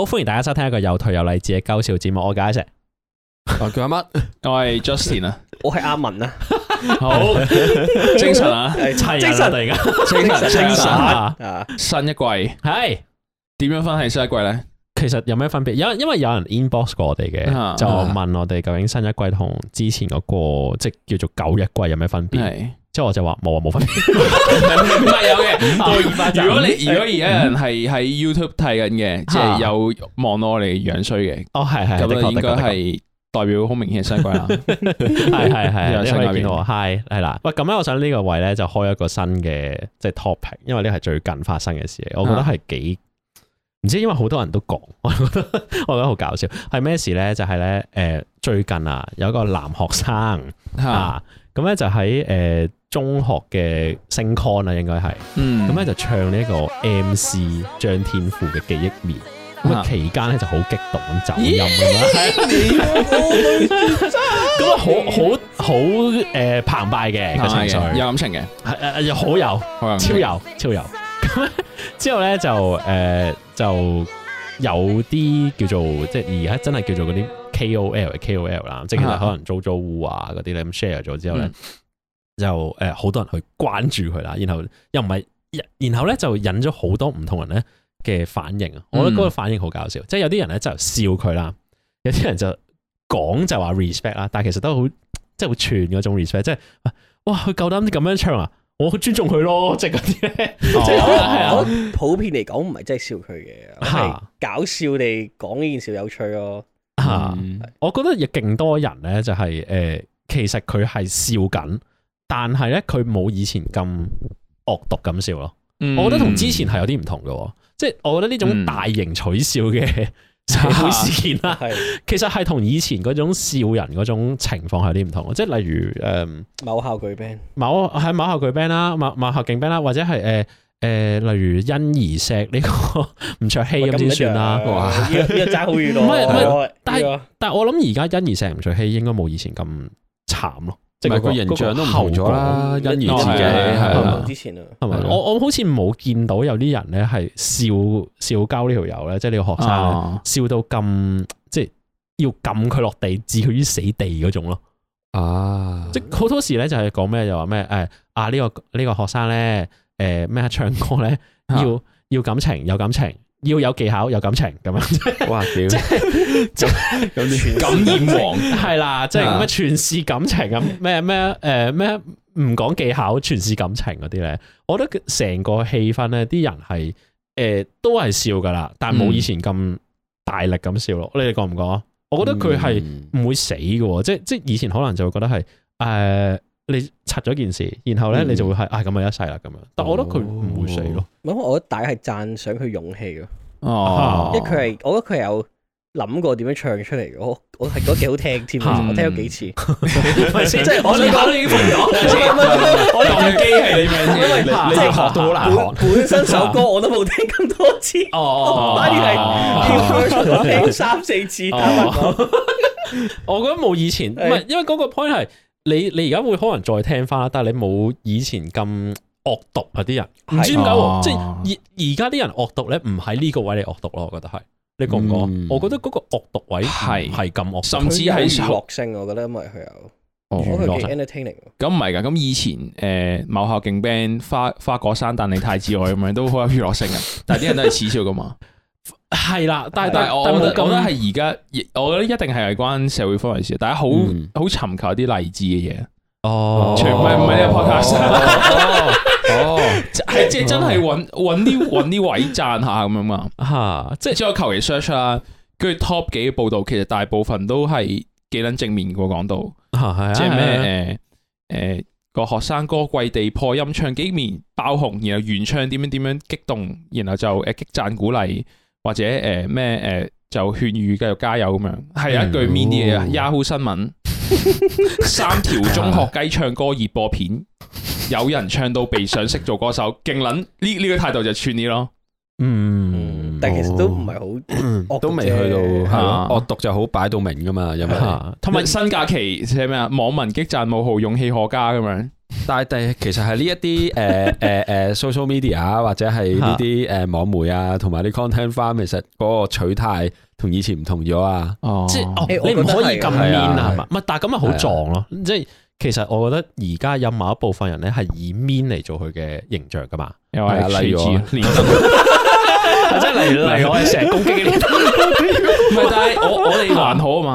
好歡迎大家收聽一個又頹又勵志嘅搞笑節目，我介紹一下，我叫阿乜，我係 Justin 啊， 我係阿文啊， 好精神啊，精神嚟噶，精神啊，啊新一季係點是樣分？係新一季咧，其實有咩分別？因因為有人 inbox 過我哋嘅，啊、就問我哋究竟新一季同之前嗰、那個即叫做舊一季有咩分別？即係我就話冇啊，冇分別，唔係有嘅。如果你如果而家人係喺 YouTube 睇緊嘅，即係有望到我哋樣衰嘅，哦係係咁啊，應該係代表好明顯嘅衰鬼啦。係係係，因為見到我 Hi 係啦。喂，咁咧我想呢個位咧就開一個新嘅即係 topic，因為呢係最近發生嘅事，我覺得係幾唔知，因為好多人都講，我覺得我覺得好搞笑。係咩事咧？就係咧，誒最近啊，有一個男學生啊。咁咧就喺誒、呃、中學嘅 sing con 啊，應該係，咁咧、嗯、就唱呢一個 MC 張天賦嘅《記憶面》啊，咁期間咧就好激動咁走音，咁啊好好好誒澎湃嘅的有感情嘅，又好、呃、油，超油。超油。咁 之後咧就誒、呃、就有啲叫做即係而家真係叫做嗰啲。K O L K O L 啦，即係可能租租戶啊嗰啲咧咁 share 咗之後咧，嗯、就誒好多人去關注佢啦。然後又唔係，然後咧就引咗好多唔同人咧嘅反應。我覺得嗰個反應好搞笑，嗯、即係有啲人咧就笑佢啦，有啲人就講就話 respect 啦，但係其實都好即係好串嗰種 respect 即。即係哇，佢夠膽咁樣唱啊，我好尊重佢咯，即係嗰啲咧。即係係啊，哦、我普遍嚟講唔係真係笑佢嘅，係、啊、搞笑地講呢件事有趣咯、哦。啊！ 我覺得亦勁多人咧，就係、是、誒，其實佢係笑緊，但係咧佢冇以前咁惡毒咁笑咯。嗯、我覺得同之前係有啲唔同嘅，嗯、即係我覺得呢種大型取笑嘅社會事件啦，係、嗯、其實係同以前嗰種笑人嗰種情況係有啲唔同，即係例如誒、呃，某校巨 band，某喺某校巨 band 啦，某某校勁 band 啦，或者係誒。呃誒，例如欣兒石呢個吳卓羲咁先算啦，哇，好娛樂，唔係唔係，但係但係我諗而家欣兒石吳卓羲應該冇以前咁慘咯，即係個形象都唔同咗啦，欣兒自己係之前係咪？我我好似冇見到有啲人咧係笑笑交呢條友咧，即係呢個學生笑到咁，即係要撳佢落地，置佢於死地嗰種咯，啊，即係好多時咧就係講咩，就話咩，誒啊呢個呢個學生咧。誒咩、呃、唱歌咧，要要感情，有感情，要有技巧，有感情咁樣。 哇屌！即係咁全感言王係 啦，即係咁啊！全是感情咁咩咩誒咩唔講技巧，全是感情嗰啲咧。我覺得成個氣氛咧，啲人係誒、呃、都係笑噶啦，但係冇以前咁大力咁笑咯。嗯、你哋覺唔覺？我覺得佢係唔會死噶、嗯，即係即係以前可能就會覺得係誒。呃你拆咗件事，然後咧你就會係，哎咁咪一世啦咁樣。但我覺得佢唔會死咯。咁我覺得大家係讚賞佢勇氣咯。哦，因為佢係，我覺得佢有諗過點樣唱出嚟。我我係覺得幾好聽添，我聽咗幾次。即係我想講呢樣嘢。我哋嘅機係點樣先？你學都好難學。本身首歌我都冇聽咁多次，哦，反而係要聽三四次。我覺得冇以前，唔係因為嗰個 point 係。你你而家會可能會再聽翻，但係你冇以前咁惡毒是啊！啲人唔知點解，即係而而家啲人惡毒咧，唔喺呢個位惡毒咯，我覺得係你覺唔覺？嗯、我覺得嗰個惡毒位係係咁惡，甚至係娛樂性，我覺得因為佢有娛樂、哦、性。咁唔係噶，咁以前誒，某、呃、校勁 band 花花果山，但你太自愛咁樣， 都好有娛樂性嘅， 但係啲人都係恥笑噶嘛。 係啦，但係但係我我覺得係而家，我我覺得一定係係關社會方面事。大家好好尋求一啲勵志嘅嘢。哦，唔係唔係呢個 podcast 哦，係即係真係搵搵啲搵啲位讚下咁樣嘛。吓，即係只要求其 search 啦，跟住 top 幾嘅報道，其實大部分都係幾捻正面嘅。講到，即係咩？誒誒，個學生哥跪地破音唱幾面爆紅，然後原唱點樣點樣激動，然後就誒激讚鼓勵。或者誒咩誒就勸喻繼續加油咁樣，係一句咩嘢啊，Yahoo 新聞，三條中學雞唱歌熱播片，有人唱到被賞識做歌手勁捻呢，呢個態度就串啲咯。嗯，嗯但其實都唔係好都未去到吓、啊啊、惡毒就好擺到明噶嘛，又吓同埋新假期寫咩啊，網民激贊冇號勇氣可嘉咁樣。但係但係，其實係呢一啲誒誒誒 social media 或者係呢啲誒網媒啊，同埋啲 content farm，其實嗰個取態同以前唔同咗啊！即係你唔可以咁 mean 啊嘛？唔係，但係咁咪好撞咯！即係其實我覺得而家有某一部分人咧係以 mean 嚟做佢嘅形象噶嘛？因為例如，即係例如例如我哋成日攻擊嘅，唔係，但係我我哋還好啊嘛？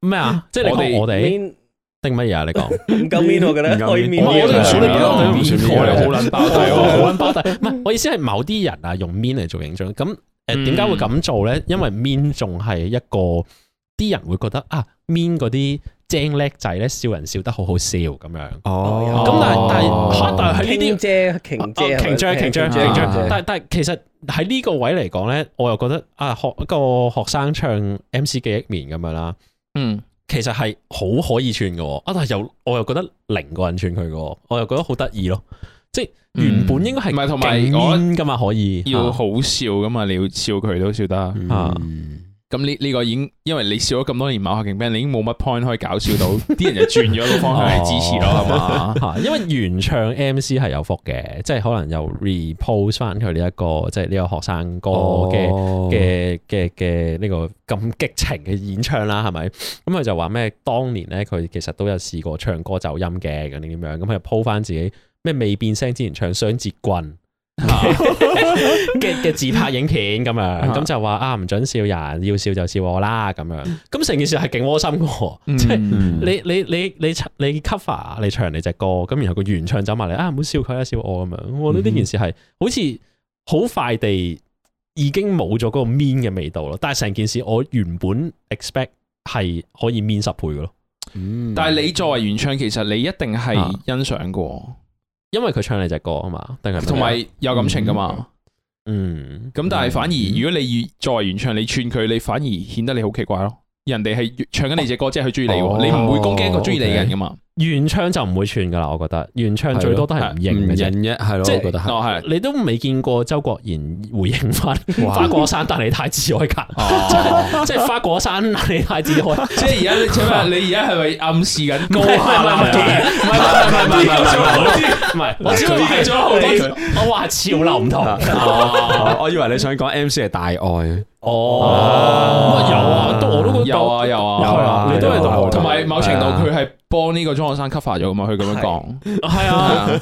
咩啊？即係我哋我哋。定乜嘢啊？你講唔夠面我嘅咧，我哋選啲比較面我嘅，好撚包大，好撚包大。唔係，我意思係某啲人啊，用面嚟做形象。咁誒，點解會咁做咧？因為面仲係一個啲人會覺得啊，面嗰啲精叻仔咧，笑人笑得好好笑咁樣。哦，咁但係但係，但係係呢啲遮、瓊遮、瓊遮、瓊遮。但但係其實喺呢個位嚟講咧，我又覺得啊，學一個學生唱 MC 記憶面咁樣啦。嗯。其實係好可以串嘅，啊！但係又我又覺得零個人串佢嘅，我又覺得好得意咯。即係原本應該係唔係同埋我咁啊，可以要好笑噶嘛，啊、你要笑佢都笑得啊。嗯嗯咁呢呢個已經，因為你笑咗咁多年馬克勁兵，你已經冇乜 point 可以搞笑到，啲 人就轉咗個方向去支持咯，係嘛、哦？吧因為原唱 M C 係有福嘅，即係可能又 repost 翻佢呢一個，即係呢個學生歌嘅嘅嘅嘅呢個咁激情嘅演唱啦，係咪？咁、嗯、佢就話咩？當年咧，佢其實都有試過唱歌走音嘅，咁點樣？咁佢又 po 翻自己咩未變聲之前唱雙截棍。嘅嘅 自拍影片咁樣，咁、uh huh. 就話啊唔準笑人，要笑就笑我啦咁樣。咁成件事係勁窩心嘅，mm hmm. 即係你你你你你 cover 你唱你隻歌，咁然後個原唱走埋嚟啊唔好笑佢啊笑我咁樣。我覺得呢件事係、mm hmm. 好似好快地已經冇咗嗰個 mean 嘅味道咯。但係成件事我原本 expect 係可以 mean 十倍嘅咯。Mm hmm. 但係你作為原唱，其實你一定係欣賞過。啊因為佢唱你隻歌啊嘛，定係同埋有感情噶嘛。嗯，咁但係反而如果你作為原唱，你串佢，你反而顯得你好奇怪咯。人哋係唱緊你隻歌，即係佢中意你，哦，你唔會攻擊一個中意你嘅人噶嘛。Okay. 原唱就唔會串噶啦，我覺得原唱最多都係唔認，唔認嘅係咯，即係覺得係，你都未見過周國賢回應返花果山，但你太自愛格，即係花果山，你太自愛。即係而家，你請問你而家係咪暗示緊？唔係唔係唔係唔係唔係潮流唔係，我話潮流唔同。我以為你想講 MC 係大愛哦，有啊，都我都覺得有啊有啊，有啊，你都係同埋某程度佢係。幫呢個中學生吸發咗嘛？佢咁樣講，係啊。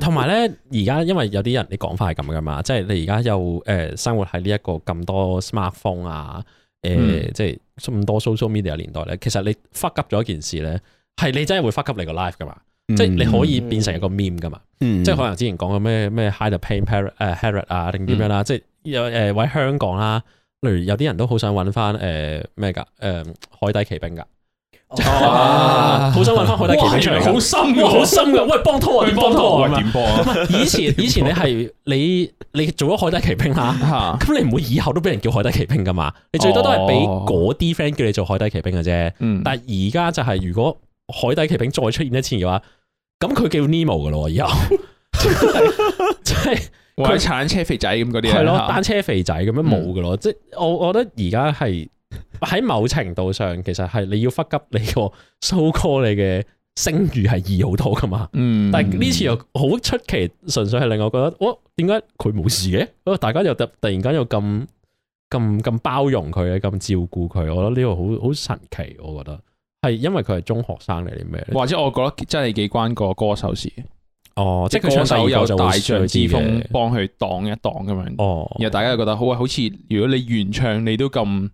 同埋咧，而家因為有啲人你講法係咁噶嘛，即係你而家又誒、呃，生活喺呢一個咁多 smartphone 啊，誒、呃，嗯、即係咁多 social media 年代咧，其實你 fuck up 咗一件事咧，係你真係會 fuck up 你個 life 噶嘛，嗯、即係你可以變成一個 meme 噶嘛，嗯、即係可能之前講嘅咩咩 hide the pain parrot 誒 par、uh, rot 啊，定點樣啦，嗯、即係有誒，喺、呃呃、香港啦、啊，例如有啲人都好想揾翻誒咩噶，誒、呃呃呃呃，海底奇兵噶。Oh. 好想揾翻海底奇兵出、欸，好深，好深嘅。喂，幫拖點幫拖點幫拖啊！幫幫啊啊 以前，以前你係你你做咗海底奇兵啦，啊，咁 你唔會以後都俾人叫海底奇兵噶嘛？啊，你最多都係俾嗰啲 friend 叫你做海底奇兵嘅啫。哦，但係而家就係如果海底奇兵再出現一次嘅話，咁佢叫 Nemo 噶咯，以後即係佢鏟車肥仔咁嗰啲，係咯單車肥仔咁樣冇噶咯。嗯，即係我我覺得而家係。喺某程度上，其實係你要忽急你個收歌你嘅聲譽係易好多噶嘛。嗯，但係呢次又好出奇，純粹係令我覺得，我點解佢冇事嘅？哦，大家又突突然間又咁咁咁包容佢嘅，咁照顧佢，我覺得呢個好好神奇。我覺得係因爲佢係中學生嚟，定咩？或者我覺得真係幾關個歌手事。哦，即係歌手有大將之風幫佢擋一擋咁樣。哦，然後大家又覺得好啊，好似如果你原唱你都咁。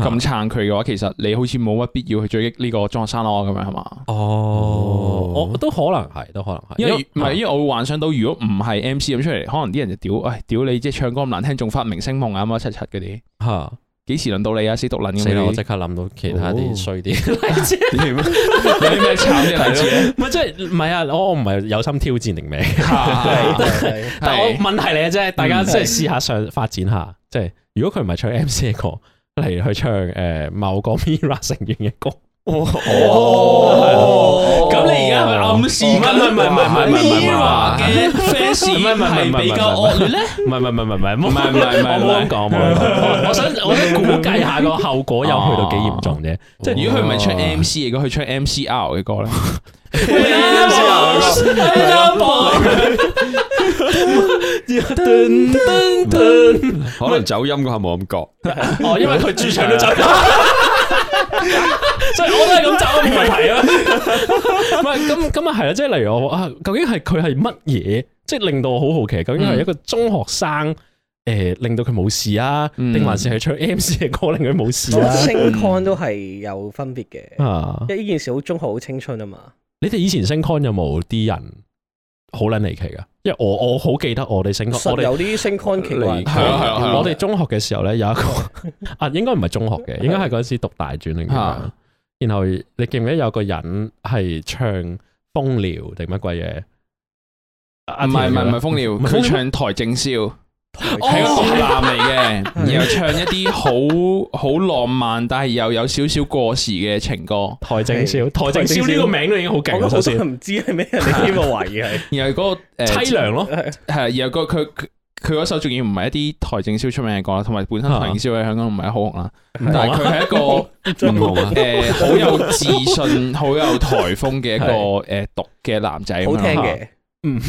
咁撐佢嘅話，其實你好似冇乜必要去追擊呢個中學生咯，咁樣係嘛？哦，我都可能係，都可能係，因為唔係，因為我會幻想到，如果唔係 MC 咁出嚟，可能啲人就屌，喂，屌你即係唱歌咁難聽，仲發明星夢啊，乜乜七七嗰啲吓，幾時輪到你啊？死毒撚！死啦！我即刻諗到其他啲衰啲，有啲咩慘嘅例子？唔係即係唔係啊？我我唔係有心挑戰定咩？但係我問題嚟嘅啫，大家即係試下上發展下，即係如果佢唔係唱 MC 嘅歌。嚟去唱誒、呃、某個 Mirror 成員嘅歌。哦哦，咁你而家係咪暗示唔係唔係唔係唔係唔係唔係？Mira 嘅 fans 係比較惡咧？唔係唔係唔係唔係唔係唔係，我冇講，我冇講。我想我想估計下個後果有去到幾嚴重啫？即係如果佢唔係出 MC，如果佢出 MCR，我嘅歌咧。可能走音嗰下冇咁覺。哦，因為佢主場都走音。即係我都係咁走，唔問題啊！唔咁咁啊，係啦！即係例如我啊，究竟係佢係乜嘢？即係令到我好好奇，究竟係一個中學生誒，令到佢冇事啊，定還是係唱 M C 嘅歌令佢冇事啊？Sing Con 都係有分別嘅啊！即呢件事好中學好青春啊嘛！你哋以前 Sing Con 有冇啲人好撚離奇噶？因為我我好記得我哋 Sing Con，我哋有啲 Sing 我哋中學嘅時候咧有一個啊，應該唔係中學嘅，應該係嗰時讀大專啊。然後你記唔記得有個人係唱《風流》定乜鬼嘢？唔係唔係唔係風流，佢唱《邰正宵》，係個男嚟嘅，然後唱一啲好好浪漫，但係又有少少過時嘅情歌。邰正宵，邰正宵呢個名都已經好勁，首先。我唔知係咩人你呢，我懷疑係。然後嗰個淒涼咯，係然後個佢。佢嗰首仲要唔係一啲邰正宵出名嘅歌，同埋本身邰正宵喺香港唔係好紅啦，但係佢係一個誒好有自信、好有台風嘅一個誒獨嘅男仔。好聽嘅，嗯，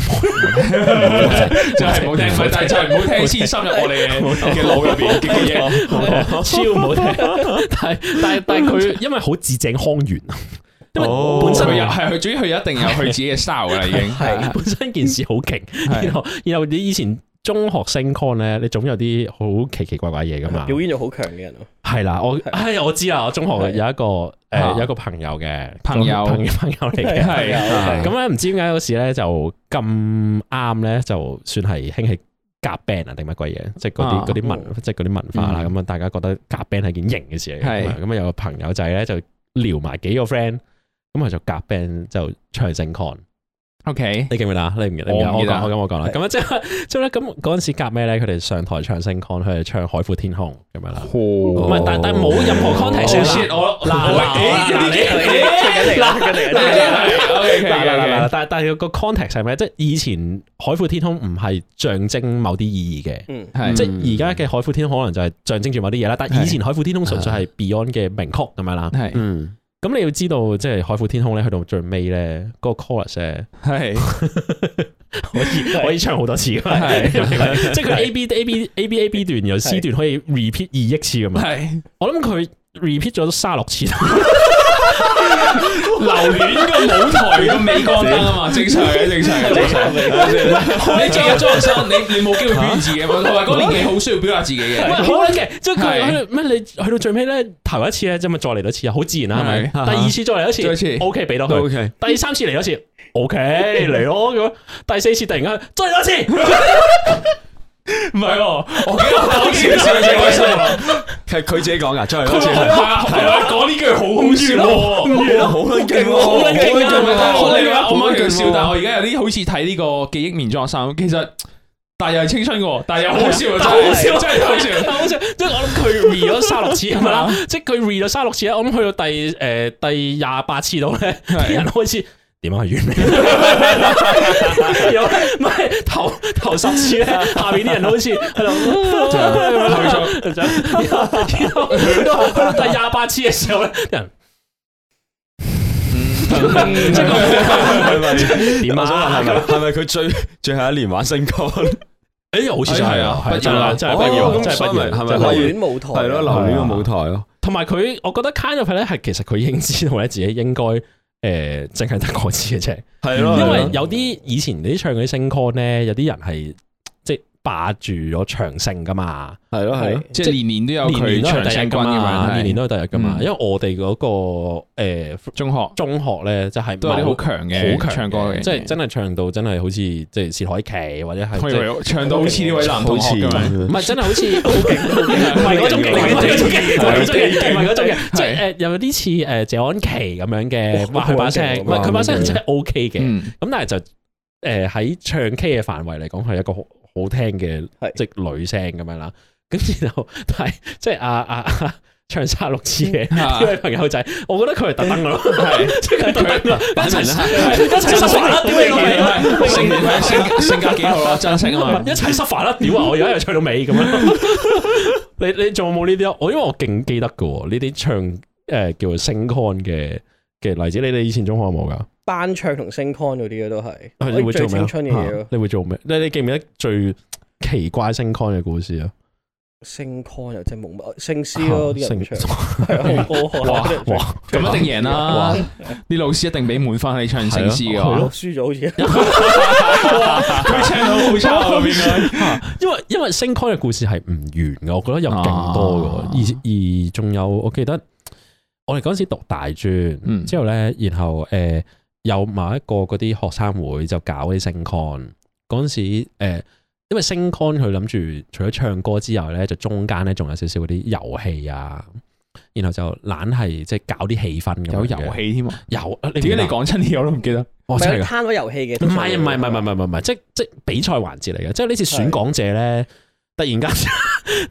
就係唔好聽，就係唔好聽先深入我哋嘅腦入邊嘅嘢，超唔好聽。但係但係但係佢因為好字正腔圓，本身又係佢，主要佢一定有佢自己嘅 style 啦，已經。係本身件事好勁，然後然後啲以前。中學 sing con 咧，你總有啲好奇奇怪怪嘢噶嘛？表演又好強嘅人咯。係啦，我係我知啊，我中學有一個誒有一個朋友嘅朋友朋友嚟嘅，係咁咧，唔知點解有時咧就咁啱咧，就算係興起夾 band 啊定乜鬼嘢，即係嗰啲啲文即係嗰啲文化啦，咁啊大家覺得夾 band 係件型嘅事嚟嘅，咁啊有個朋友仔係咧就撩埋幾個 friend，咁啊就夾 band 就唱 sing con。OK，你記唔記得啊？你唔記得？我講，我咁，我講啦。咁啊，即係即係咧。咁嗰陣時夾咩咧？佢哋上台唱 sing con，佢哋唱海闊天空咁樣啦。唔係，但係冇任何 context。我嗱嗱嗱嗱，但係但係個 context 係咩？即係以前海闊天空唔係象徵某啲意義嘅。即係而家嘅海闊天空可能就係象徵住某啲嘢啦。但係以前海闊天空純粹係 Beyond 嘅名曲咁樣啦。嗯。咁、嗯、你要知道，即係海闊天空咧，去到最尾咧，嗰、那個 chorus 咧是，係 可以可以唱好多次噶，即係佢 A B A B A B A B 段，是然後 C 段可以 repeat 二億次咁啊！是是我諗佢 repeat 咗都卅六次是 留戀個舞台個鎂光燈啊嘛，正常嘅、啊，正常、啊，正常你仲要裝修，你你冇機會表示嘅嘛，同埋嗰年紀好需要表達自己嘅、嗯，好嘅。即係佢咩？你去是到最尾咧，頭一次咧，即咪再嚟多次啊？好自然啦，係咪是？吧第二次再嚟一次，一次，OK，俾到佢。Okay. 第三次嚟一次，OK，嚟咯咁。第四次突然間再嚟多次。 唔係，我覺得好笑，好笑，好笑，係佢自己講噶，真係好似。係啊，講呢句好好笑咯，好勁，好勁，勁，我唔可以笑，但係我而家有啲好似睇呢個記憶面裝衫，其實但又係青春嘅，但又好笑，真係好笑，真係好笑，好笑，即係我諗佢 re 咗三六次咁啦，即係佢 re 咗三六次啦，我諗去到第誒第廿八次度咧，啲人開始。點啊？係完美，有唔係頭頭十次咧？下邊啲人好似係咯，冇錯，真係，點啊？真係啞巴，真係笑。嗯，這係咪佢最最後一年玩新歌？誒，好似係啊，係啊，真係，真係，真係，真係，係咪？留戀舞台，係咯，留戀個舞台咯。同埋佢，我覺得 kind of 咧，係其實佢已經知道咧，自己應該。誒，淨係得我知嘅啫，係咯 的，因為有啲 以前啲唱嗰啲 sing con 咧，有啲人係。霸住咗長盛噶嘛？係咯係，即係年年都有佢長盛軍噶嘛，年年都有第日噶嘛。因為我哋嗰個誒中學中學咧，就係都係好強嘅，好唱歌嘅，即係真係唱到真係好似即係薛凱琪或者係唱到好似呢位男同學咁樣，唔係真係好似好勁，唔係嗰種勁，唔係種勁，即係誒有啲似誒謝安琪咁樣嘅，話佢把聲，唔係佢把聲真係 OK 嘅，咁但係就誒喺唱 K 嘅範圍嚟講係一個好。好聽嘅，即係女聲咁樣啦，咁然後但係即係阿阿唱卅六次嘅呢位朋友仔，的 meer, 我覺得佢係特登噶咯，係即係佢一齊 生 一齊失範啦，屌你個尾，性格性格幾好咯，真誠啊 一齊失範啦，屌啊！我而家又唱到尾咁樣，你你仲有冇呢啲啊？我因為我勁記得噶呢啲唱，誒叫做 sing con 嘅嘅例子，你哋以前中學有冇噶？班唱同 sing con 嗰啲嘅都係，最青春嘅嘢咯。你會做咩？你你記唔記得最奇怪 sing con 嘅故事啊？sing con 又即係蒙蒙，聖詩咯。唱哇哇，咁一定贏啦！啲老師一定俾滿分，你唱聖詩啊！輸咗好似，佢唱到好差啊！因為因為 sing con 嘅故事係唔完噶，我覺得有勁多噶。而而仲有，我記得我哋嗰陣時讀大專之後咧，然後誒。有某一個嗰啲學生會就搞啲 sing con，嗰陣時、呃、因為 sing con 佢諗住除咗唱歌之外，咧，就中間咧仲有少少嗰啲遊戲啊，然後就懶係即係搞啲氣氛咁有遊戲添啊！有點解你講親啲我都唔記得。我咩攤位遊戲嘅？唔係唔係唔係唔係唔係唔係，即即係比賽環節嚟嘅，即係呢次選講者咧。突然間，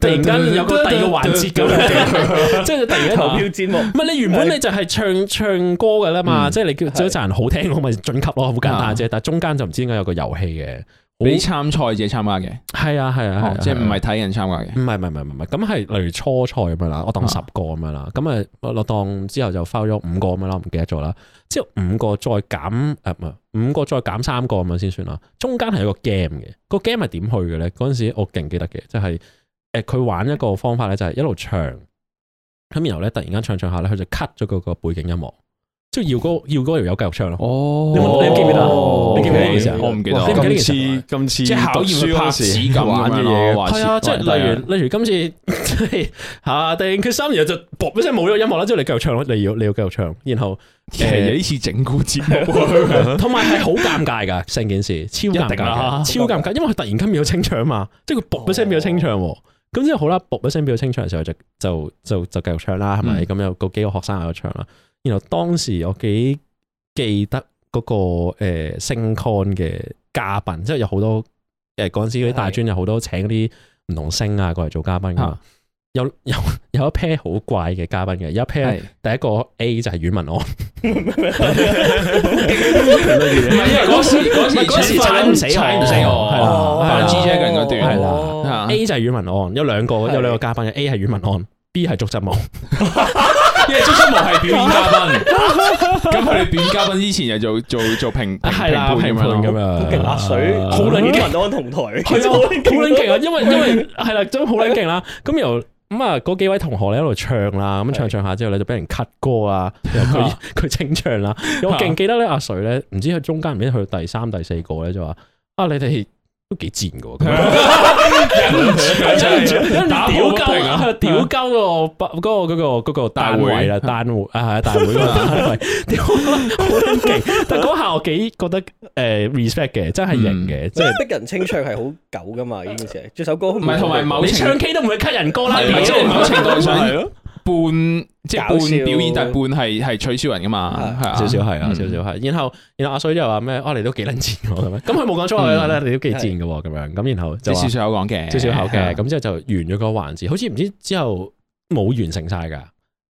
突然間有個第二個環節咁，即係 第二次投票節目。唔係你原本你就係唱是唱歌㗎啦嘛，嗯、即係你叫一陣人好聽，我咪晉級咯，好簡單啫。是但係中間就唔知點解有個遊戲嘅。俾參賽者參加嘅，係啊係啊係，即係唔係睇人參加嘅，唔係唔係唔係唔係，咁 係樂例如初賽咁樣啦，我當十個咁樣啦，咁啊落當之後就 follow 咗五個咁樣啦，唔記得咗啦，之後五個再減誒唔係五個再減三個咁樣先算啦，中間係有個 game 嘅，個 game 係點去嘅咧？嗰陣時我勁記得嘅，即係誒佢玩一個方法咧，就係一路唱，咁然後咧突然間唱唱下咧，佢就 cut 咗嗰個背景音樂。即係姚哥，姚哥又有繼續唱咯。哦，你有記唔記得？你記唔記得呢件事？我唔記得。今次今次即係考驗佢拍子感嘅嘢。係啊，即係例如例如今次下定決心，然後就卜一聲冇咗音樂啦，之後你繼續唱咯，你要你要繼續唱。然後誒，有呢次整蠱節目，同埋係好尷尬噶，成件事超尷尬，超尷尬，因為佢突然間變咗清唱嘛，即係佢卜一聲變咗清唱。咁之後好啦，卜一聲變咗清唱嘅時候就就就就繼續唱啦，係咪？咁有嗰幾個學生又唱啦。然後當時我幾記得嗰個誒 sing con 嘅嘉賓，即係有好多誒嗰陣時嗰啲大專有好多請啲唔同星啊過嚟做嘉賓嘅，有有有一批好怪嘅嘉賓嘅，有一批係第一個 A 就係阮文安，嗰時嗰時嗰時踩唔死我，踩唔死我，係啦，G Dragon 嗰段係啦，A 就係阮文安，有兩個有兩個嘉賓嘅，A 係阮文安，B 係竹澤夢。因為竹出毛係表演嘉賓，咁佢哋表演嘉賓之前又做做做評係啦評判咁啊，勁阿水好靚啲安同台，係好靚勁啊，因為因為係啦真好靚勁啦，咁由咁啊嗰幾位同學咧喺度唱啦，咁唱唱下之後咧就俾人 cut 歌啊，又佢佢清唱啦，我勁記得咧阿水咧，唔知佢中間唔知去到第三第四個咧就話啊你哋，都幾賤嘅，跟住屌鳩啊！屌鳩個不嗰個嗰個嗰個大會啦，大會啊係啊，大會嘛，屌！但係嗰下我幾覺得誒 respect 嘅，真係型嘅，即係逼人清唱係好狗噶嘛呢件事，唱首歌唔係同埋某你唱 K 都唔會 cut 人歌啦，即係某程度上係咯半，即係半表演，但半係係取笑人噶嘛，少少係啊，少少係。然後然後阿水又話咩？我哋都幾捻賤噶咁樣。咁佢冇講錯，佢話你哋都幾賤噶喎咁樣。咁然後就少少口講嘅，少少口嘅。咁之後就完咗個環節，好似唔知之後冇完成晒噶，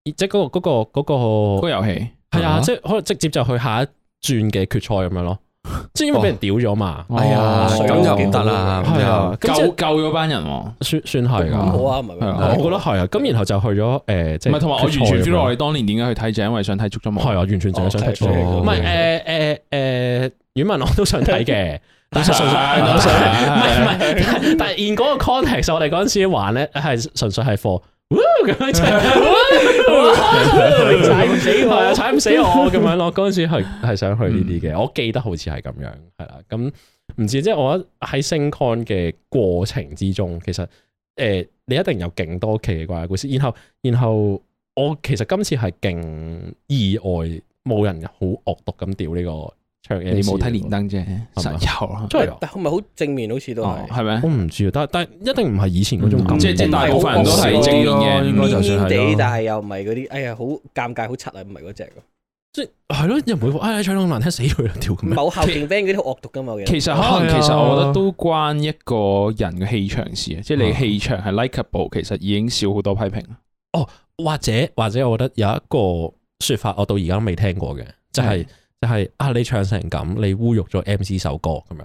即係嗰個嗰個嗰個嗰個遊戲。係啊，即係可能直接就去下一轉嘅決賽咁樣咯。即係因為俾人屌咗嘛，係啊，咁就唔得啦，係啊，救救咗班人，算算係噶，好啊，唔係，我覺得係啊，咁然後就去咗誒，唔係，同埋我完全 feel 到我哋當年點解去睇就因為想睇《捉咗毛》，係啊，完全淨係想睇。唔係，誒誒誒，阮文我都想睇嘅。純粹係，純粹係，唔係，但係現嗰個 context，我哋嗰陣時玩咧係純粹係貨，咁樣踩唔死我，踩唔死我，咁樣咯。嗰陣時係係想去呢啲嘅，我記得好似係咁樣，係啦，咁唔知即係我喺 sing con 嘅過程之中，其實誒，你一定有勁多奇怪嘅故事。然後然後我其實今次係勁意外，冇人好惡毒咁屌呢個。你冇睇連登啫，實有，真係，但唔係好正面，好似都係，係咪？我唔知，但但一定唔係以前嗰種，即係即係大部分人都係正嘅，面面地，但係又唔係嗰啲，哎呀，好尷尬，好柒啊，唔係嗰隻，即係係咯，又唔會話，哎，唱到好難聽，死佢條咁。冇後勁 band 嗰啲惡毒噶嘛，其實可能，其實我覺得都關一個人嘅氣場事啊，即係你氣場係 likeable，e 其實已經少好多批評。哦，或者或者，我覺得有一個說法，我到而家都未聽過嘅，即係。就係啊，你唱成咁，你侮辱咗 MC 首歌咁樣，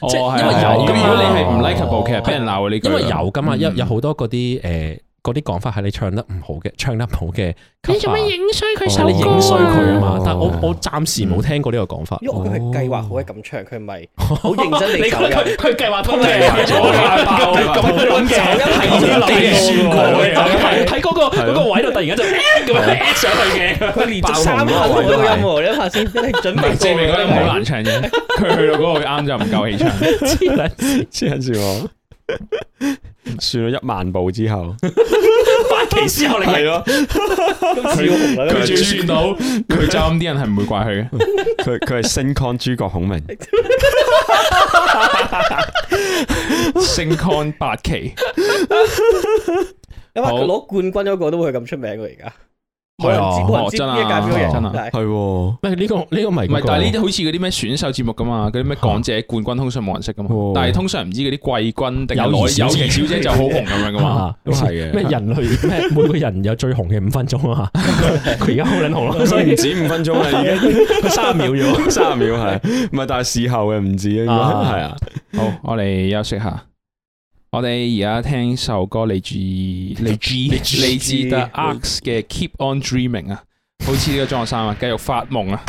哦、即係因為有。咁如果你係唔 likeable 其實，俾人鬧你，因為有噶嘛，嗯、有有好多嗰啲誒。呃嗰啲講法係你唱得唔好嘅，唱得好嘅。你做咩影衰佢先？你影衰佢啊嘛！但係我我暫時冇聽過呢個講法。因為佢計劃好咁唱，佢咪好認真地咁樣。佢佢計劃通睇咗個大爆，突然間睇睇過嗰個嗰個位度，突然間就 at 上去嘅。佢連續三下都冇音和，一拍先準備。證明嗰啲好難唱嘅。佢去到嗰個位啱就唔夠氣場。似係似似係似我。算咗一萬步之後， 八期之後你係咯，佢轉轉到，佢 就啲人係唔會怪佢嘅，佢佢係星康諸葛孔明， 星康八期，因為攞冠軍嗰個都會咁出名嘅而家。冇啊，真啊，人知呢一係係呢個呢唔係，但係呢啲好似嗰啲咩選秀節目咁啊，嗰啲咩港姐冠軍通常冇人識噶嘛，但係通常唔知嗰啲季軍定友有誼小姐就好紅咁樣噶嘛，都係嘅。咩人類咩？每個人有最紅嘅五分鐘啊！佢而家好撚紅咯，所以唔止五分鐘啦，已經卅秒咗，卅秒係。唔係，但係事後嘅唔止啊，係啊。好，我哋休息下。我哋而家聽首歌，嚟自嚟自嚟自 The Arcs 嘅 Keep On Dreaming 啊智，好似呢個中學生啊，繼續發夢啊！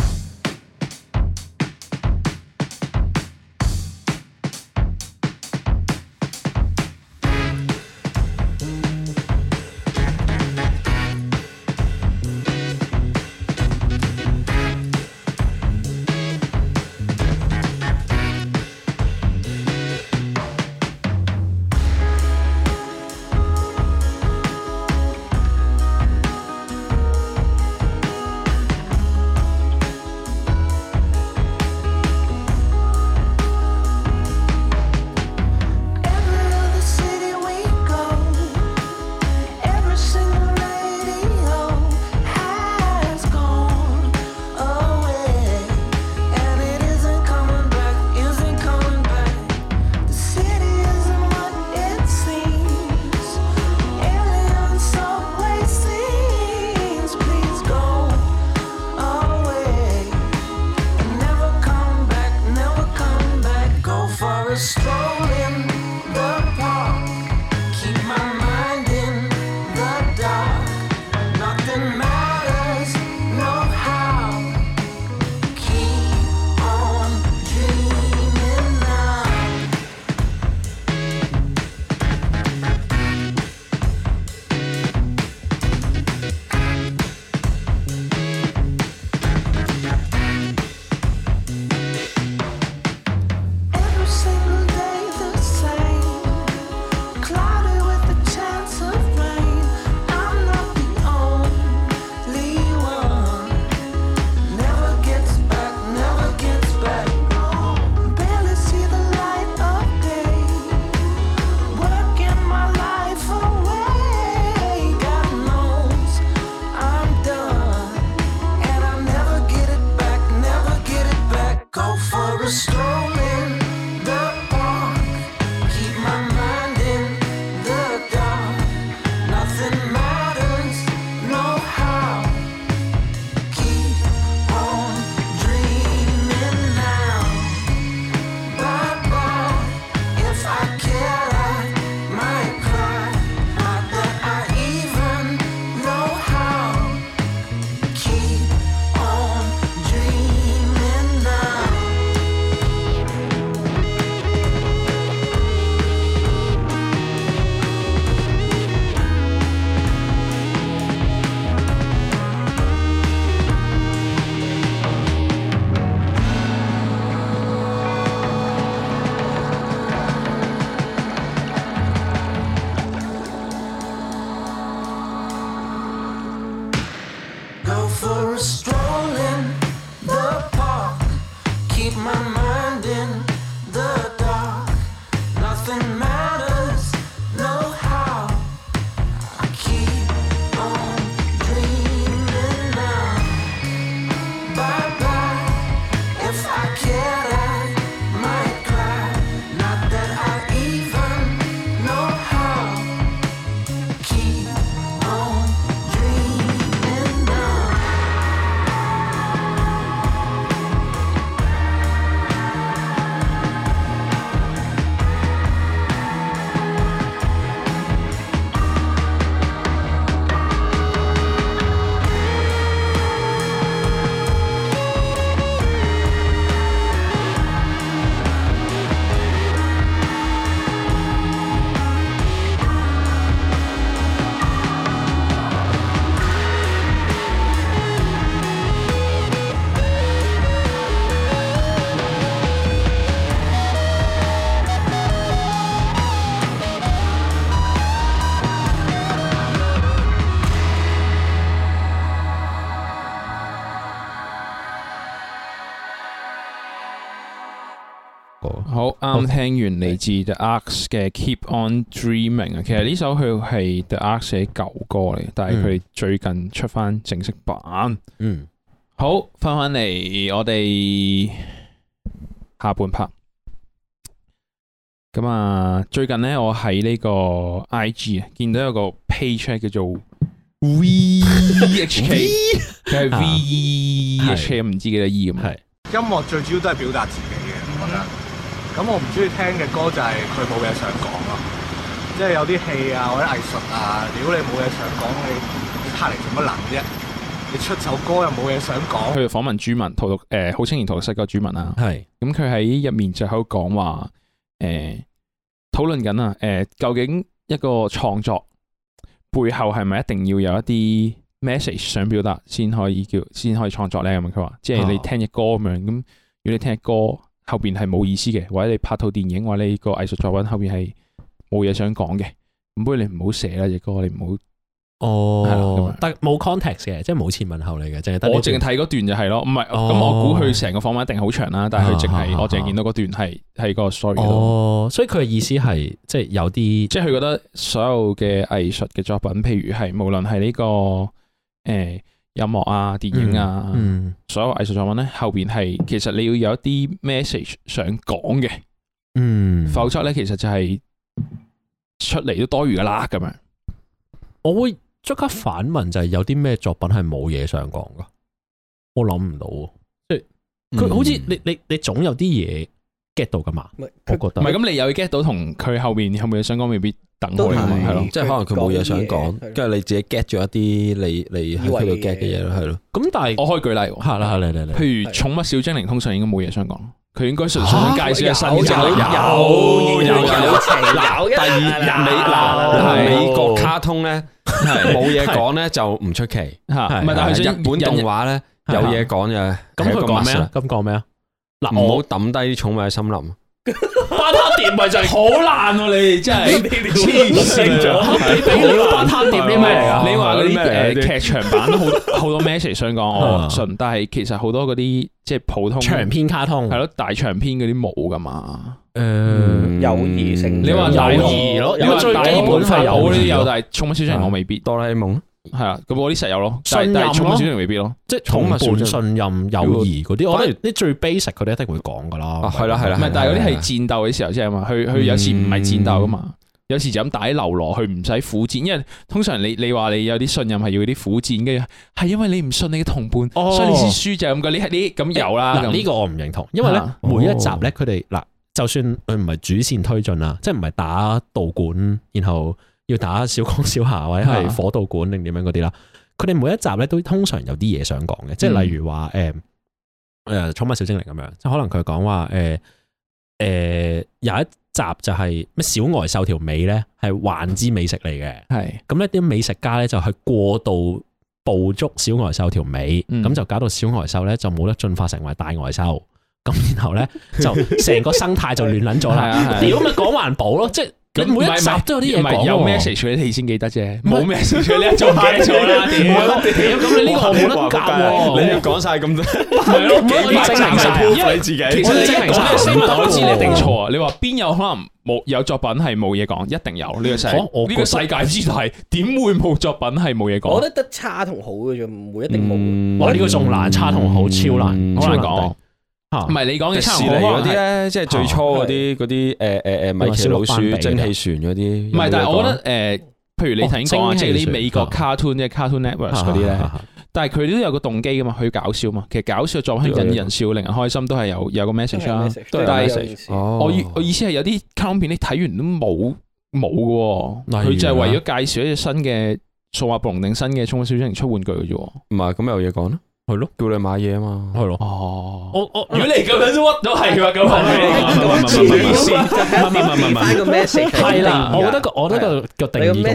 好啱聽完嚟自 The Arcs 嘅 Keep On Dreaming 啊，其實呢首佢係 The Arcs 嘅舊歌嚟，但係佢最近出翻正式版。嗯，好翻翻嚟我哋下半 part。咁啊，最近咧我喺呢個 IG 見到有個 page 叫做 VHK，佢係 VHK 唔知幾多 E 咁係。是音樂最主要都係表達。咁、嗯、我唔中意聽嘅歌就係佢冇嘢想講咯，即係有啲戲啊或者藝術啊，如果你冇嘢想講，你你拍嚟做乜難啫？你出首歌又冇嘢想講。佢哋訪問豬文，荼毒好青年荼毒室個豬文啊，係是。咁佢喺入面就喺度講話誒，討論緊啊誒，究竟一個創作背後係咪一定要有一啲 message 想表達先可以叫先可以創作咧？咁佢話，即係你聽嘅歌咁樣，咁如果你聽嘅歌，後邊係冇意思嘅，或者你拍套電影，或者你個藝術作品後邊係冇嘢想講嘅，唔該你唔好寫啦隻歌，你唔好哦。Oh, 啊、但冇 context 嘅，即係冇前文後理嚟嘅，淨係我淨係睇嗰段就係咯。唔係，咁、oh. 我估佢成個訪問一定好長啦，但係佢淨係我淨係見到嗰段係係個 sorry。哦，oh, 所以佢嘅意思係即係有啲，即係佢覺得所有嘅藝術嘅作品，譬如係無論係呢個誒。呃音樂啊、電影啊，嗯嗯、所有藝術作品咧後邊係其實你要有一啲 message 想講嘅，嗯，否則咧其實就係出嚟都多餘噶啦咁樣。我會即刻反問就係有啲咩作品係冇嘢想講噶？我諗唔到，即係佢好似你你你總有啲嘢 get 到噶嘛？它我覺得。唔係咁，你又要 get 到同佢後邊後邊想講未必。等佢係咯，即係可能佢冇嘢想講，跟住你自己 get 咗一啲你你喺度 get 嘅嘢咯，係咯。咁但係我可以舉例，係啦係啦係啦，譬如寵物小精靈，通常應該冇嘢想講，佢應該純粹想介紹嘅新集有有有奇有第二美國美國卡通咧，係冇嘢講咧就唔出奇吓。唔係但係日本動畫咧有嘢講嘅，咁佢講咩？咁講咩啊？嗱，唔好抌低啲寵物喺森林。攤咪， 就係好難喎！你真係黐線咗，你俾嗰啲攤啲咩嚟噶？你話嗰啲咩劇場版都好好多 message 想講，我信，但係其實好多嗰啲即係普通長篇卡通係、嗯、咯，大長篇嗰啲冇噶嘛。誒，友誼性，你話友誼咯？你話基本款有呢啲有，但係寵物小精靈我未必，哆啦 A 夢。係啊，咁我啲石友咯，信任咯，寵物始型未必咯，即係同伴信任、友誼嗰啲，我覺得啲最 basic 佢哋一定會講噶啦。係啦係啦，唔係但係嗰啲係戰鬥嘅時候先啊嘛，佢佢有時唔係戰鬥噶嘛，有時就咁打流羅，去，唔使苦戰，因為通常你你話你有啲信任係要啲苦戰嘅，係因為你唔信你嘅同伴，所以你輸就係咁噶，呢呢咁有啦。呢個我唔認同，因為咧每一集咧佢哋嗱，就算佢唔係主線推進啦，即係唔係打道館，然後。要打小剛小霞或者係火道館定點樣嗰啲啦，佢哋是、啊、每一集咧都通常有啲嘢想講嘅，即係例如話誒誒，寵、欸、物、呃、小精靈咁樣，即係可能佢講話誒誒，有一集就係、是、咩小呆獸條尾咧，係幻之美食嚟嘅，係咁咧啲美食家咧就去過度捕捉小呆獸條尾，咁是、啊、就搞到小呆獸咧就冇得進化成為大呆獸，咁然後咧就成個生態就亂捻咗啦，屌咪講環保咯，即、就、係、是。咁每一集都有啲嘢講喎，唔係有 message 你先記得啫，冇 message 呢一種嘅錯啦，點點咁你呢個冇得教，你要講晒咁多係咯，證明晒你自己。其實證明晒唔多，知你一定錯啊！你話邊有可能冇有作品係冇嘢講，一定有呢個世。我呢個世界之大，點會冇作品係冇嘢講？我覺得得差同好嘅啫，唔會一定冇。哇！呢個仲難，差同好超難，超難講。唔係你講嘅差唔多嗰啲咧，即係最初嗰啲嗰啲誒誒誒米奇老鼠、蒸汽船嗰啲。唔係，但係我覺得誒，譬如你頭先講即係啲美國卡通嘅卡通 networks 嗰啲咧。但係佢都有個動機噶嘛佢搞笑嘛。其實搞笑嘅作品引人笑，令人開心，都係有有個 message 啊。我我意思係有啲卡通片，你睇完都冇冇嘅，佢就係為咗介紹一隻新嘅數碼暴龍，定新嘅《衝啊小精靈》出玩具嘅啫。唔係，咁有嘢講啦。係咯，叫你買嘢啊嘛，係咯。哦，我我如果你咁樣都都係噶，咁唔好意思，就係點點發個 message。係啦，我覺得我覺得個個定義唔同。咩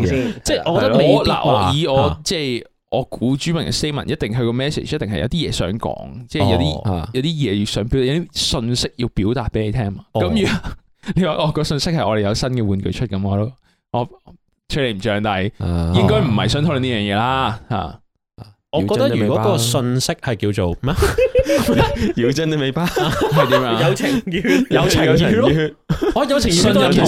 意思？即係我得我嗱，我以我即係我估朱文 statement 一定係個 message，一定係有啲嘢想講，即係有啲有啲嘢要想表，有啲信息要表達俾你聽嘛。咁而你話我個信息係我哋有新嘅玩具出咁，我咯，我出嚟唔漲，但係應該唔係想討論呢樣嘢啦。啊！我覺得如果嗰個信息係叫做咩？妖精的尾巴係點啊？友情圈，友情圈咯。我友情圈都係同，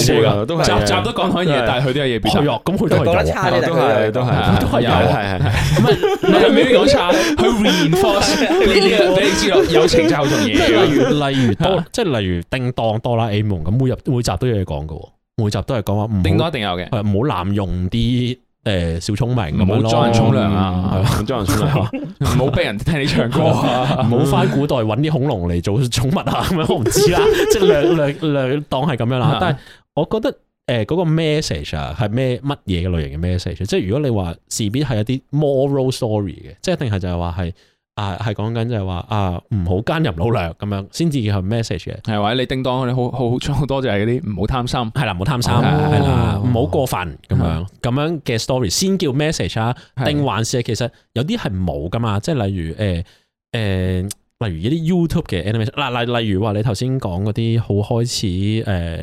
集集都講咗嘢，但係佢都有嘢變。咁佢都係講得差啲，都係都係都係係係係唔係唔係咪講差？佢變方呢啲啊？你知道友情真係好重要。例如，例如多即係例如叮噹哆啦 A 夢咁，每入每集都有嘢講噶，每集都係講話唔叮噹一定有嘅，係唔好濫用啲。誒、欸，小聰明，唔好裝人沖涼啊，唔好裝人沖涼，唔好畀人聽你唱歌啊，唔好翻古代揾啲恐龍嚟做寵物啊，咁樣我唔知啦， 即係兩兩兩當係咁樣啦。但係我覺得誒，嗰個 message 啊，係咩乜嘢嘅類型嘅 message？即係如果你話事必係一啲 moral story 嘅，即係一定係就係話係。啊，係講緊就係話啊，唔好奸淫擄掠咁樣，先至叫 message 嘅。係或者你叮當，你好好好多就係嗰啲唔好貪心，係啦，唔好貪心啦，唔好過分咁樣咁樣嘅 story 先叫 message 啊？定還是係其實有啲係冇噶嘛？即係例如誒誒，例如一啲 YouTube 嘅 animation，嗱嗱，例如話你頭先講嗰啲好開始誒，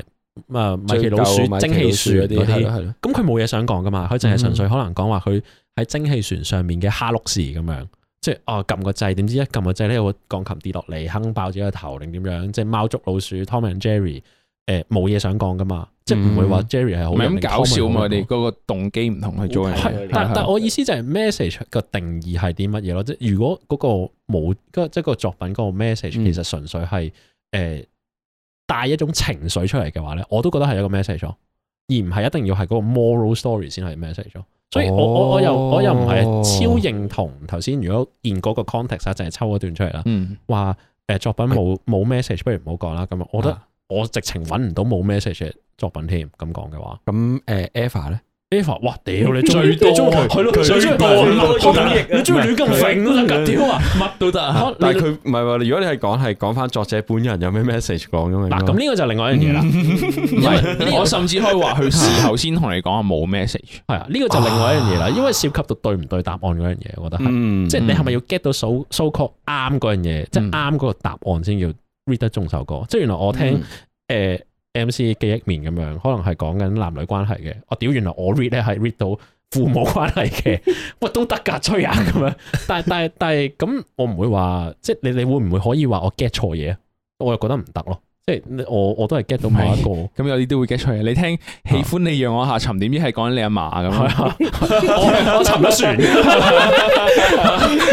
啊米奇老鼠蒸汽船嗰啲，係咁佢冇嘢想講噶嘛？佢淨係純粹可能講話佢喺蒸汽船上面嘅哈碌時咁樣。即係哦，撳個掣，點知一撳個掣咧，有個鋼琴跌落嚟，哼爆自己個頭，定點樣？即係貓捉老鼠，Tom and Jerry，誒、呃，冇嘢想講噶嘛？嗯、即係唔會話 Jerry 係好。嗯、搞笑嘛？佢哋嗰個動機唔同去做嘅。但但我意思就係 message 個定義係啲乜嘢咯？即係如果嗰個冇，即係個作品嗰個 message 其實純粹係誒帶一種情緒出嚟嘅話咧，我都覺得係一個 message，而唔係一定要係嗰個 moral story 先係 message。所以我，我我我又我又唔係超認同頭先，哦、如果現嗰個 context 就係抽嗰段出嚟啦。話誒、嗯呃、作品冇冇 message，不如唔好講啦。咁我覺得我直情揾唔到冇 message 作品添，咁講嘅話，咁誒 Eva 咧？Ava，哇屌你最多，係咯，最多，好感嘅，你中意女咁肥，屌啊，乜都得啊。但係佢唔係話，如果你係講係講翻作者本人有咩 message 講咁樣。嗱，咁呢個就另外一樣嘢啦。我甚至可以話，佢事後先同你講啊，冇 message。係啊，呢個就另外一樣嘢啦。因為涉及到對唔對答案嗰樣嘢，我覺得係，即係你係咪要 get 到搜搜括啱嗰樣嘢，即係啱嗰個答案先叫 read 得中首歌。即係原來我聽誒。MC 記憶面咁樣，可能係講緊男女關係嘅。我屌，原來我 read 咧係 read 到父母關係嘅，喂，都得噶，吹啊咁樣。但係但係但係咁，我唔會話，即係你你會唔會可以話我 get 錯嘢？我又覺得唔得咯，即係我我都係 get 到某一個，咁有啲都會 get 錯嘢。你聽，喜歡你讓我下沉，點知係講緊你阿嫲咁樣。我沉得船，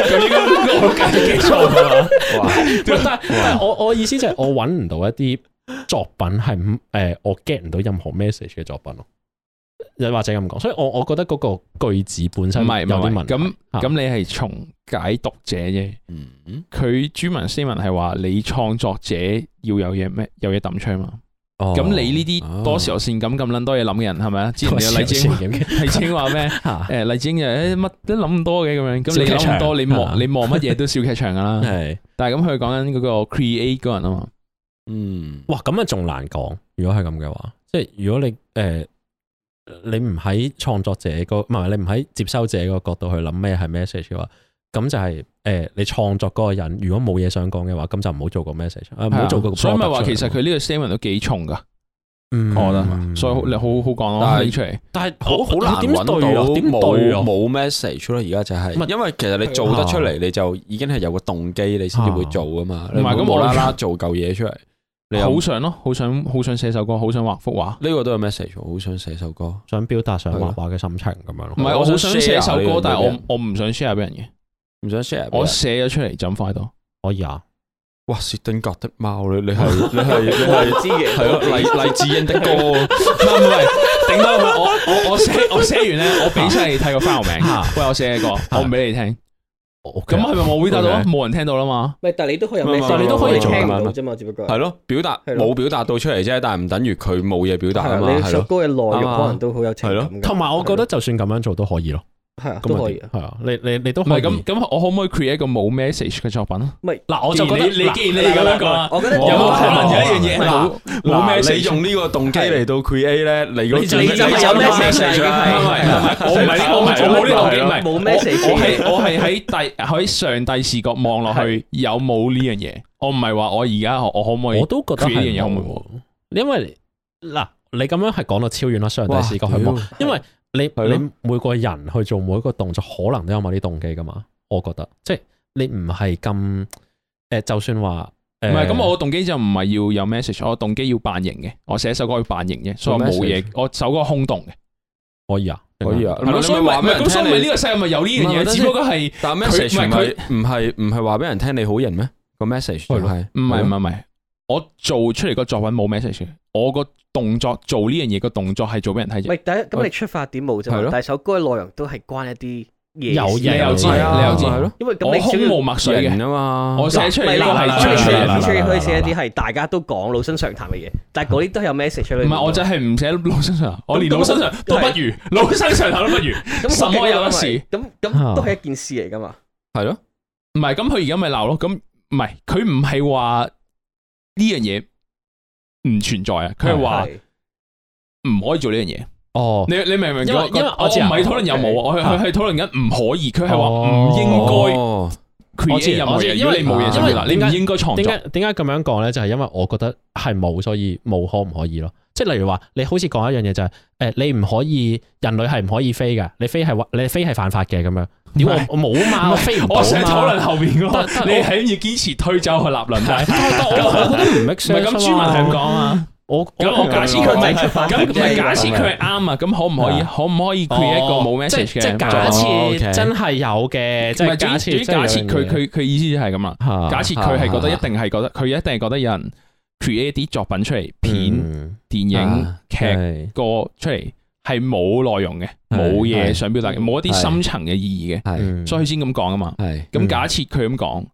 仲要個個 get 錯啊！但係我我意思就係我搵唔到一啲。作品係誒，我 get 唔到任何 message 嘅作品咯，又或者咁講，所以我我覺得嗰個句子本身有啲問題。咁咁，你係從解讀者啫。佢朱文斯文係話你創作者要有嘢咩，有嘢抌出嘛。咁你呢啲多愁善感咁捻多嘢諗嘅人係咪啊？之前有麗晶，麗晶話咩？誒，麗晶就乜都諗咁多嘅咁樣。咁你諗多，你望你望乜嘢都小劇場噶啦。係，但係咁佢講緊嗰個 create 嗰人啊嘛。嗯，哇，咁啊，仲難講。如果係咁嘅話，即係如果你誒，你唔喺創作者個，唔係你唔喺接收者個角度去諗咩係 message 嘅話，咁就係誒，你創作嗰個人如果冇嘢想講嘅話，咁就唔好做個 message，唔好做個。所以咪話，其實佢呢個 statement 都幾重噶。嗯，我覺得，所以你好好講咯，但係但係好難搵到冇冇 message 咯。而家就係，因為其實你做得出嚟，你就已經係有個動機，你先至會做㗎嘛。你唔係咁無啦啦做嚿嘢出嚟。你好想咯，好想好想寫首歌，好想畫幅畫，呢個都有 message。好想寫首歌，想表達上畫畫嘅心情咁樣咯。唔係，我想寫首歌，但係我我唔想 share 俾人嘅，唔想 share。我寫咗出嚟就咁放喺度可以啊？哇！薛丁格的貓，你你係你係你係知嘅係咯，黎智英的歌唔唔係，頂多我我我寫我寫完咧，我俾出你睇個 file 名，喂，我寫嘅歌，我唔俾你聽。咁係咪我回答到？冇 Okay. 人聽到啦嘛。係，但係你都可以有，但係你都可以聽到啫嘛。只不過係咯吧，表達冇表達到出嚟啫。但係唔等於佢冇嘢表達嘛。係首歌嘅內容都好有情感。係咯，同埋我覺得就算咁樣做都可以咯。吧係啊，都係啊，係啊，你你你都唔係咁咁，我可唔可以 create 一個冇 message 嘅作品啊？咪嗱，我就覺得你既然你咁樣講，我覺得有冇問咗一樣嘢？冇冇 message，用呢個動機嚟到 create 咧，你你就冇 message 我唔係我冇呢個動機，冇 message 我係我係喺第喺上帝視角望落去，有冇呢樣嘢？我唔係話我而家我可唔可以？我都覺得呢係冇。因為嗱，你咁樣係講到超遠啦，上帝視角去望，因為。你你每個人去做每一個動作，可能都有某啲動機㗎嘛。我覺得，即係你唔係咁誒，就算話誒，唔係咁，我動機就唔係要有 message，我動機要扮型嘅，我寫首歌要扮型嘅，所以我冇嘢，我首歌空洞嘅。可以啊，可以啊，咁所以咩？咁，所以咪呢個世界咪有呢樣嘢，只不過係，但係 message 唔係唔係唔係話俾人聽你好人咩？個 message 係唔係唔係唔係，我做出嚟個作品冇 message，我個。動作做呢樣嘢個動作係做俾人睇嘅，喂，第一咁你出發點冇就係咯，但係首歌嘅內容都係關一啲嘢，你又知，你又知咯，因為咁你胸無墨水嘅嘛，我寫出嚟呢個係出嚟，出嚟可以寫一啲係大家都講老生常談嘅嘢，但係嗰啲都有 message 出嚟。唔係，我就係唔寫老生常，我連老生常都不如，老生常談都不如，什麼有得試？咁咁都係一件事嚟噶嘛？係咯，唔係咁佢而家咪鬧咯，咁唔係佢唔係話呢樣嘢。唔存在啊！佢係話唔可以做呢樣嘢。哦，你你明唔明？因為因為我知唔係討論有冇啊，我係係討論緊唔可以。佢係話唔應該 create 任何嘢。哦，因為如果你冇嘢因為你唔應該創作？點解點解咁樣講咧？就係，是，因為我覺得係冇，所以冇可唔可以咯？即係例如話你好似講一樣嘢就係誒，你唔可以人類係唔可以飛嘅，你飛係你飛係犯法嘅咁樣。我冇啊嘛，我飛唔到啊嘛。我想討論後面嗰個，你係要堅持推走去立論定？我覺得唔係咁，朱文係咁講啊。我咁我假設佢未出發，咁唔係假設佢啱啊？咁可唔可以？可唔可以 create 一個冇 message 嘅？即係假設真係有嘅，即係假設。主要假設佢佢佢意思就係咁啦。假設佢係覺得一定係覺得，佢一定係覺得有人 create 啲作品出嚟，片、電影、劇、歌出嚟。係冇內容嘅，冇嘢想表達嘅，冇一啲深層嘅意義嘅，所以先咁講啊嘛。咁假設佢咁講，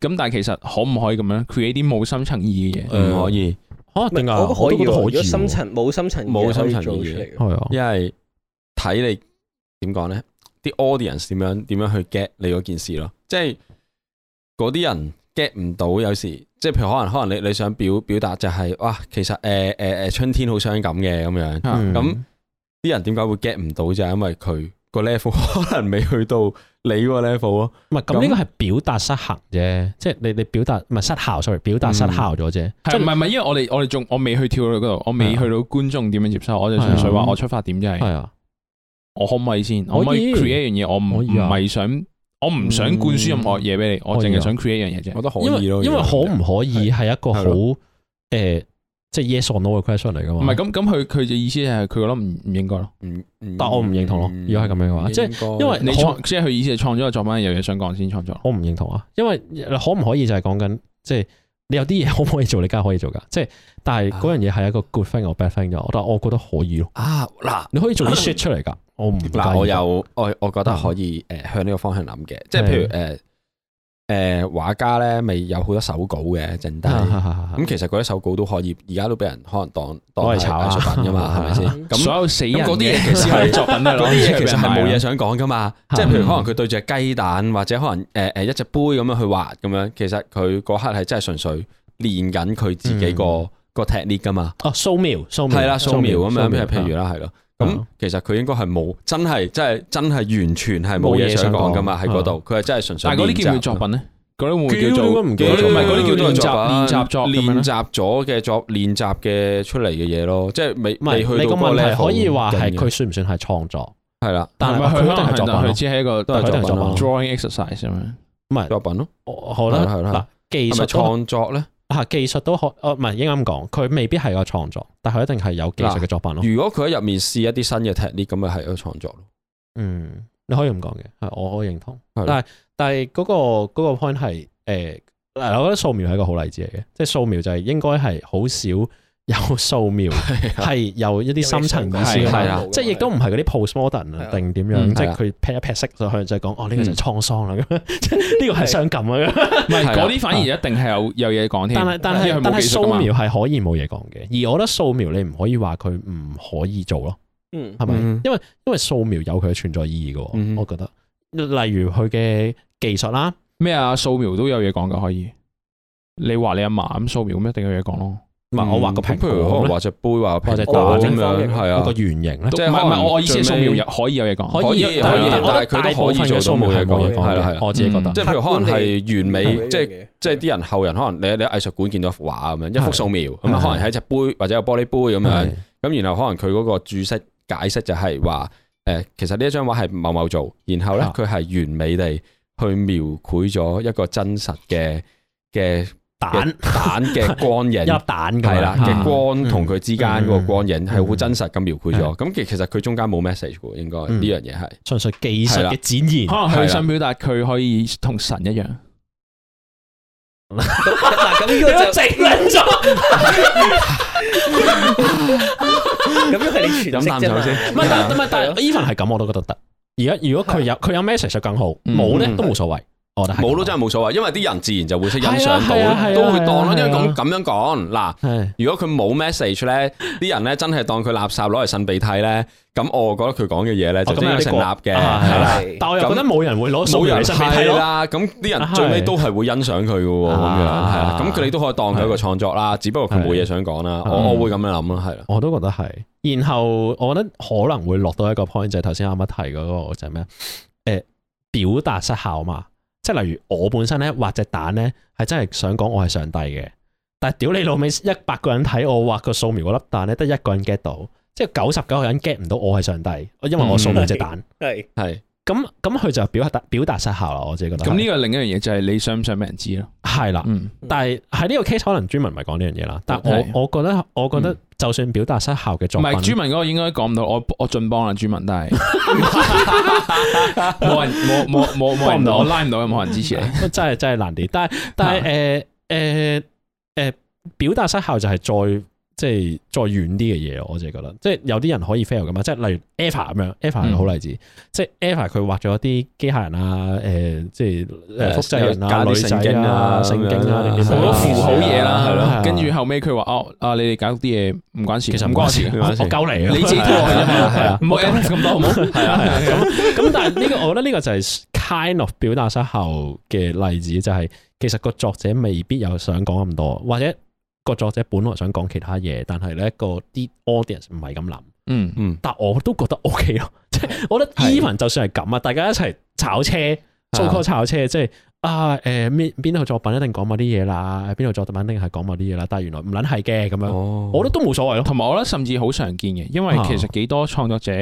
咁但係其實可唔可以咁樣 create 啲冇深層意義嘅嘢？唔可以。可點解？我覺得可以。冇深層，冇深層嘅可以做嘢。係啊，因為睇你點講咧，啲 audience 點樣點樣去 get 你嗰件事咯。即係嗰啲人 get 唔到，有時即係譬如可能可能你你想表表達就係哇，其實誒誒誒春天好傷感嘅咁樣咁。啲人點解會 get 唔到就係，因為佢個 level 可能未去到你個 level 咯。唔係咁，呢個係表達失衡啫。即係你你表達唔係失效，sorry，表達失效咗啫。即唔係唔係，因為我哋我哋仲我未去跳去嗰度，我未去到觀眾點樣接收，我就純粹話我出發點即係。係啊，我可唔可以先？我可以 create 一樣嘢，我唔可以唔係想，我唔想灌輸任何嘢俾你，我淨係想 create 一樣嘢啫。我覺得可以，因因為可唔可以係一個好誒。即係 yes or no 嘅 question 嚟噶嘛？唔係咁咁，佢佢嘅意思係佢覺得唔唔應該咯，唔、嗯嗯、但我唔認同咯。如果係咁樣嘅話，即係應因為你創，我即係佢意思係創咗個作品有嘢想講先創作。我唔認同啊，因為可唔可以就係講緊，即、就、係、是、你有啲嘢可唔可以做？你梗係可以做㗎，即係但係嗰樣嘢係一個 good thing or bad thing 嘅。但係我覺得可以咯、啊。啊嗱，你可以做啲 shit 出嚟㗎。啊、我唔嗱，我又我我覺得可以誒向呢個方向諗嘅，嗯、即係譬如誒。呃誒，畫家咧咪有好多手稿嘅剩低，咁其實嗰啲手稿都可以，而家都俾人可能當當藝術品噶嘛，係咪先？咁所有死啲嘢其實係作品啦，嗰啲嘢其實係冇嘢想講噶嘛，即係譬如，可能佢對住隻雞蛋或者可能誒誒一隻杯咁樣去畫咁樣，其實佢嗰刻係真係純粹練緊佢自己個個 technique 噶嘛哦，素描，素描係啦，素描咁樣，譬如啦，係咯。咁其實佢應該係冇，真係，即係真係完全係冇嘢想講㗎嘛，喺嗰度，佢係真係純粹。但係嗰啲叫作品咧？嗰啲會叫做唔唔係嗰啲叫作品，練習作練習咗嘅作練習嘅出嚟嘅嘢咯，即係未未去到嗰個。可以話係佢算唔算係創作？係啦，但係佢一定係作品，只係一個都係作品 Drawing exercise 咁樣，唔係作品咯。好啦，嗱，技術創作咧。啊，技術都可，我唔係應該咁講，佢未必係個創作，但佢一定係有技術嘅作品咯。啊、如果佢喺入面試一啲新嘅 technique，咁咪係個創作咯。嗯，你可以咁講嘅，係我我認同。的但係但係嗰個嗰個 point 係誒，嗱、嗰個，呃、是我覺得素描係一個好例子嚟嘅，即係素描就係應該係好少。有素描係有一啲深層意思，係啊，即係亦都唔係嗰啲 postmodern 定點樣？即係佢劈一劈色就去就係講哦，呢個就創傷啦咁，呢個係傷感啊咁。唔係嗰啲反而一定係有有嘢講添。但係但係但係素描係可以冇嘢講嘅，而我覺得素描你唔可以話佢唔可以做咯。嗯，係咪？因為因為素描有佢嘅存在意義嘅，我覺得。例如佢嘅技術啦，咩啊素描都有嘢講噶，可以。你話你阿嫲咁素描咁一定有嘢講咯。咪我畫個蘋果咯，畫隻杯，畫隻蛋咁樣，係啊個圓形咧，即係唔係，我意思係素描入可以有嘢講，可以可以，但係佢都可以做冇嘢講係啦，係我自己覺得，即係譬如可能係完美，即係即係啲人後人可能你你喺藝術館見到一幅畫咁樣一幅素描，咁啊可能係一隻杯或者有玻璃杯咁樣，咁然後可能佢嗰個注釋解釋就係話，誒其實呢一張畫係某某做，然後咧佢係完美地去描繪咗一個真實嘅嘅。蛋蛋嘅光影， 一粒蛋係啦嘅 光同佢之間個光影係好真實咁描繪咗。咁其、 嗯嗯、其實佢中間冇 message 嘅，應該呢樣嘢係純粹技術嘅展現。佢想表達佢可以同神一樣。嗱，咁呢個就靜咗。咁樣係你詮釋啫。唔係，但唔係，但 even 係咁我都覺得得。而 家如果佢有佢有 message 就更好，冇咧都冇所謂。嗯嗯。冇都真係冇所謂，因為啲人自然就會識欣賞到都會當咯。因為咁咁樣講，嗱，如果佢冇 message 咧，啲人咧真係當佢垃圾攞嚟擤鼻涕咧，咁我覺得佢講嘅嘢咧就真係成立嘅。但我又覺得冇人會攞，冇人係啦。咁啲人最尾都係會欣賞佢嘅。咁樣係咁佢哋都可以當佢一個創作啦。只不過佢冇嘢想講啦，我會咁樣諗咯，係啦。我都覺得係。然後我覺得可能會落到一個 point 就係頭先啱啱提嗰個就係咩？誒，表達失效嘛。即係例如我本身咧畫隻蛋咧，係真係想講我係上帝嘅。但係屌你老味，一百個人睇我畫個素描嗰粒蛋咧，得一個人 get 到，即係九十九個人 get 唔到我係上帝。因為我素描隻蛋，係係咁咁，佢就表達表達失效啦。我自己覺得。咁呢、嗯、個另一樣嘢就係、是、你想唔想俾人知咯？係啦，嗯。但係喺呢個 case 可能專門唔係講呢樣嘢啦。但我的我覺得，我覺得。嗯就算表達失效嘅作，唔係朱文嗰個應該講唔到，我我盡幫啦朱文，但係冇 人冇冇冇冇人我拉唔到，有冇 人支持你，真係真係難啲，但係但係誒誒誒表達失效就係再。即係再遠啲嘅嘢，我就覺得，即係有啲人可以 fail 噶嘛，即係例如 Ever 咁樣，Ever 係個好例子，即係 Ever 佢畫咗啲機械人啦，誒，即係複製人啊，啲神經啊，神經啊，好多好嘢啦，跟住後尾，佢話哦，啊，你哋搞啲嘢唔關事，其實唔關事，我夠嚟啊，你自己睇啫唔好咁多唔好？咁咁，但係呢個，我覺得呢個就係 kind of 表達失效嘅例子，就係其實個作者未必有想講咁多，或者。個作者本來想講其他嘢，但係咧個啲 audience 唔係咁諗，嗯嗯，但我都覺得 OK 咯，即係、嗯、 我覺得 E 文就算係咁啊，是大家一齊炒車，做開炒車，即係啊誒，邊邊套作品一定講某啲嘢啦，邊度作品一定係講某啲嘢啦，但係原來唔撚係嘅咁樣，哦、我覺得都冇所謂咯，同埋、哦、我覺得甚至好常見嘅，因為其實幾多創作者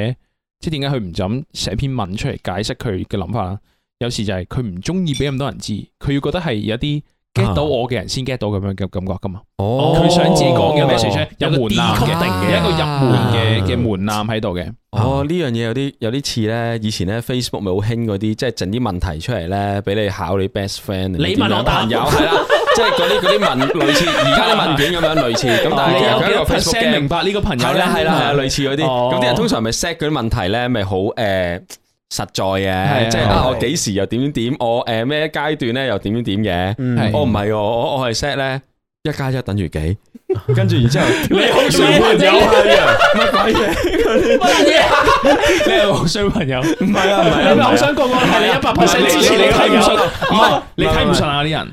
即係點解佢唔就咁寫篇文出嚟解釋佢嘅諗法啦？有時就係佢唔中意俾咁多人知，佢要覺得係有啲。get 到我嘅人先 get 到咁樣嘅感覺噶嘛？哦，佢想自己講嘅咩事出？有門檻嘅，有一個入門嘅嘅門檻喺度嘅。哦，呢樣嘢有啲有啲似咧，以前咧 Facebook 咪好興嗰啲，即係整啲問題出嚟咧，俾你考你 best friend，你問我朋友係啦，即係嗰啲嗰啲問類似而家啲問卷咁樣類似，咁但係有幾 percent 明白呢個朋友咧？係啦係啦，類似嗰啲，咁啲人通常咪 set 嗰啲問題咧，咪好誒。實在嘅，即係我幾時又點點點，我誒咩階段咧又點點點嘅，我唔係我我係 set 咧一加一等於幾，跟住然之後你好小朋友，乜鬼嘢，乜嘢，你好小朋友，唔係啊唔係啊，我好想個個係你一百 percent 支持你，睇唔上，唔係你睇唔上啊啲人，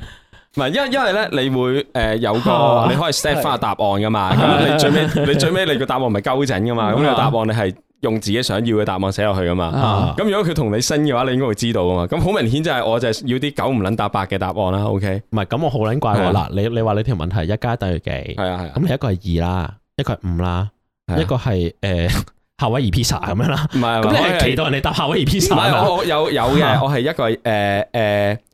唔係，因為因為咧你會誒有個你可以 set 翻個答案噶嘛，咁你最尾你最尾你個答案唔係糾正噶嘛，咁你個答案你係。用自己想要嘅答案寫落去噶嘛？咁如果佢同你新嘅話，你應該會知道噶嘛？咁好明顯就係我就係要啲九唔捻答八嘅答案啦。OK？唔係咁我好捻怪喎。嗱。你你話你條問題一加一等於幾？係啊係啊。咁你一個係二啦，一個係五啦，一個係誒夏威夷披薩咁樣啦。唔係咁你期待人哋答夏威夷披薩？唔係我我有有嘅，我係一個誒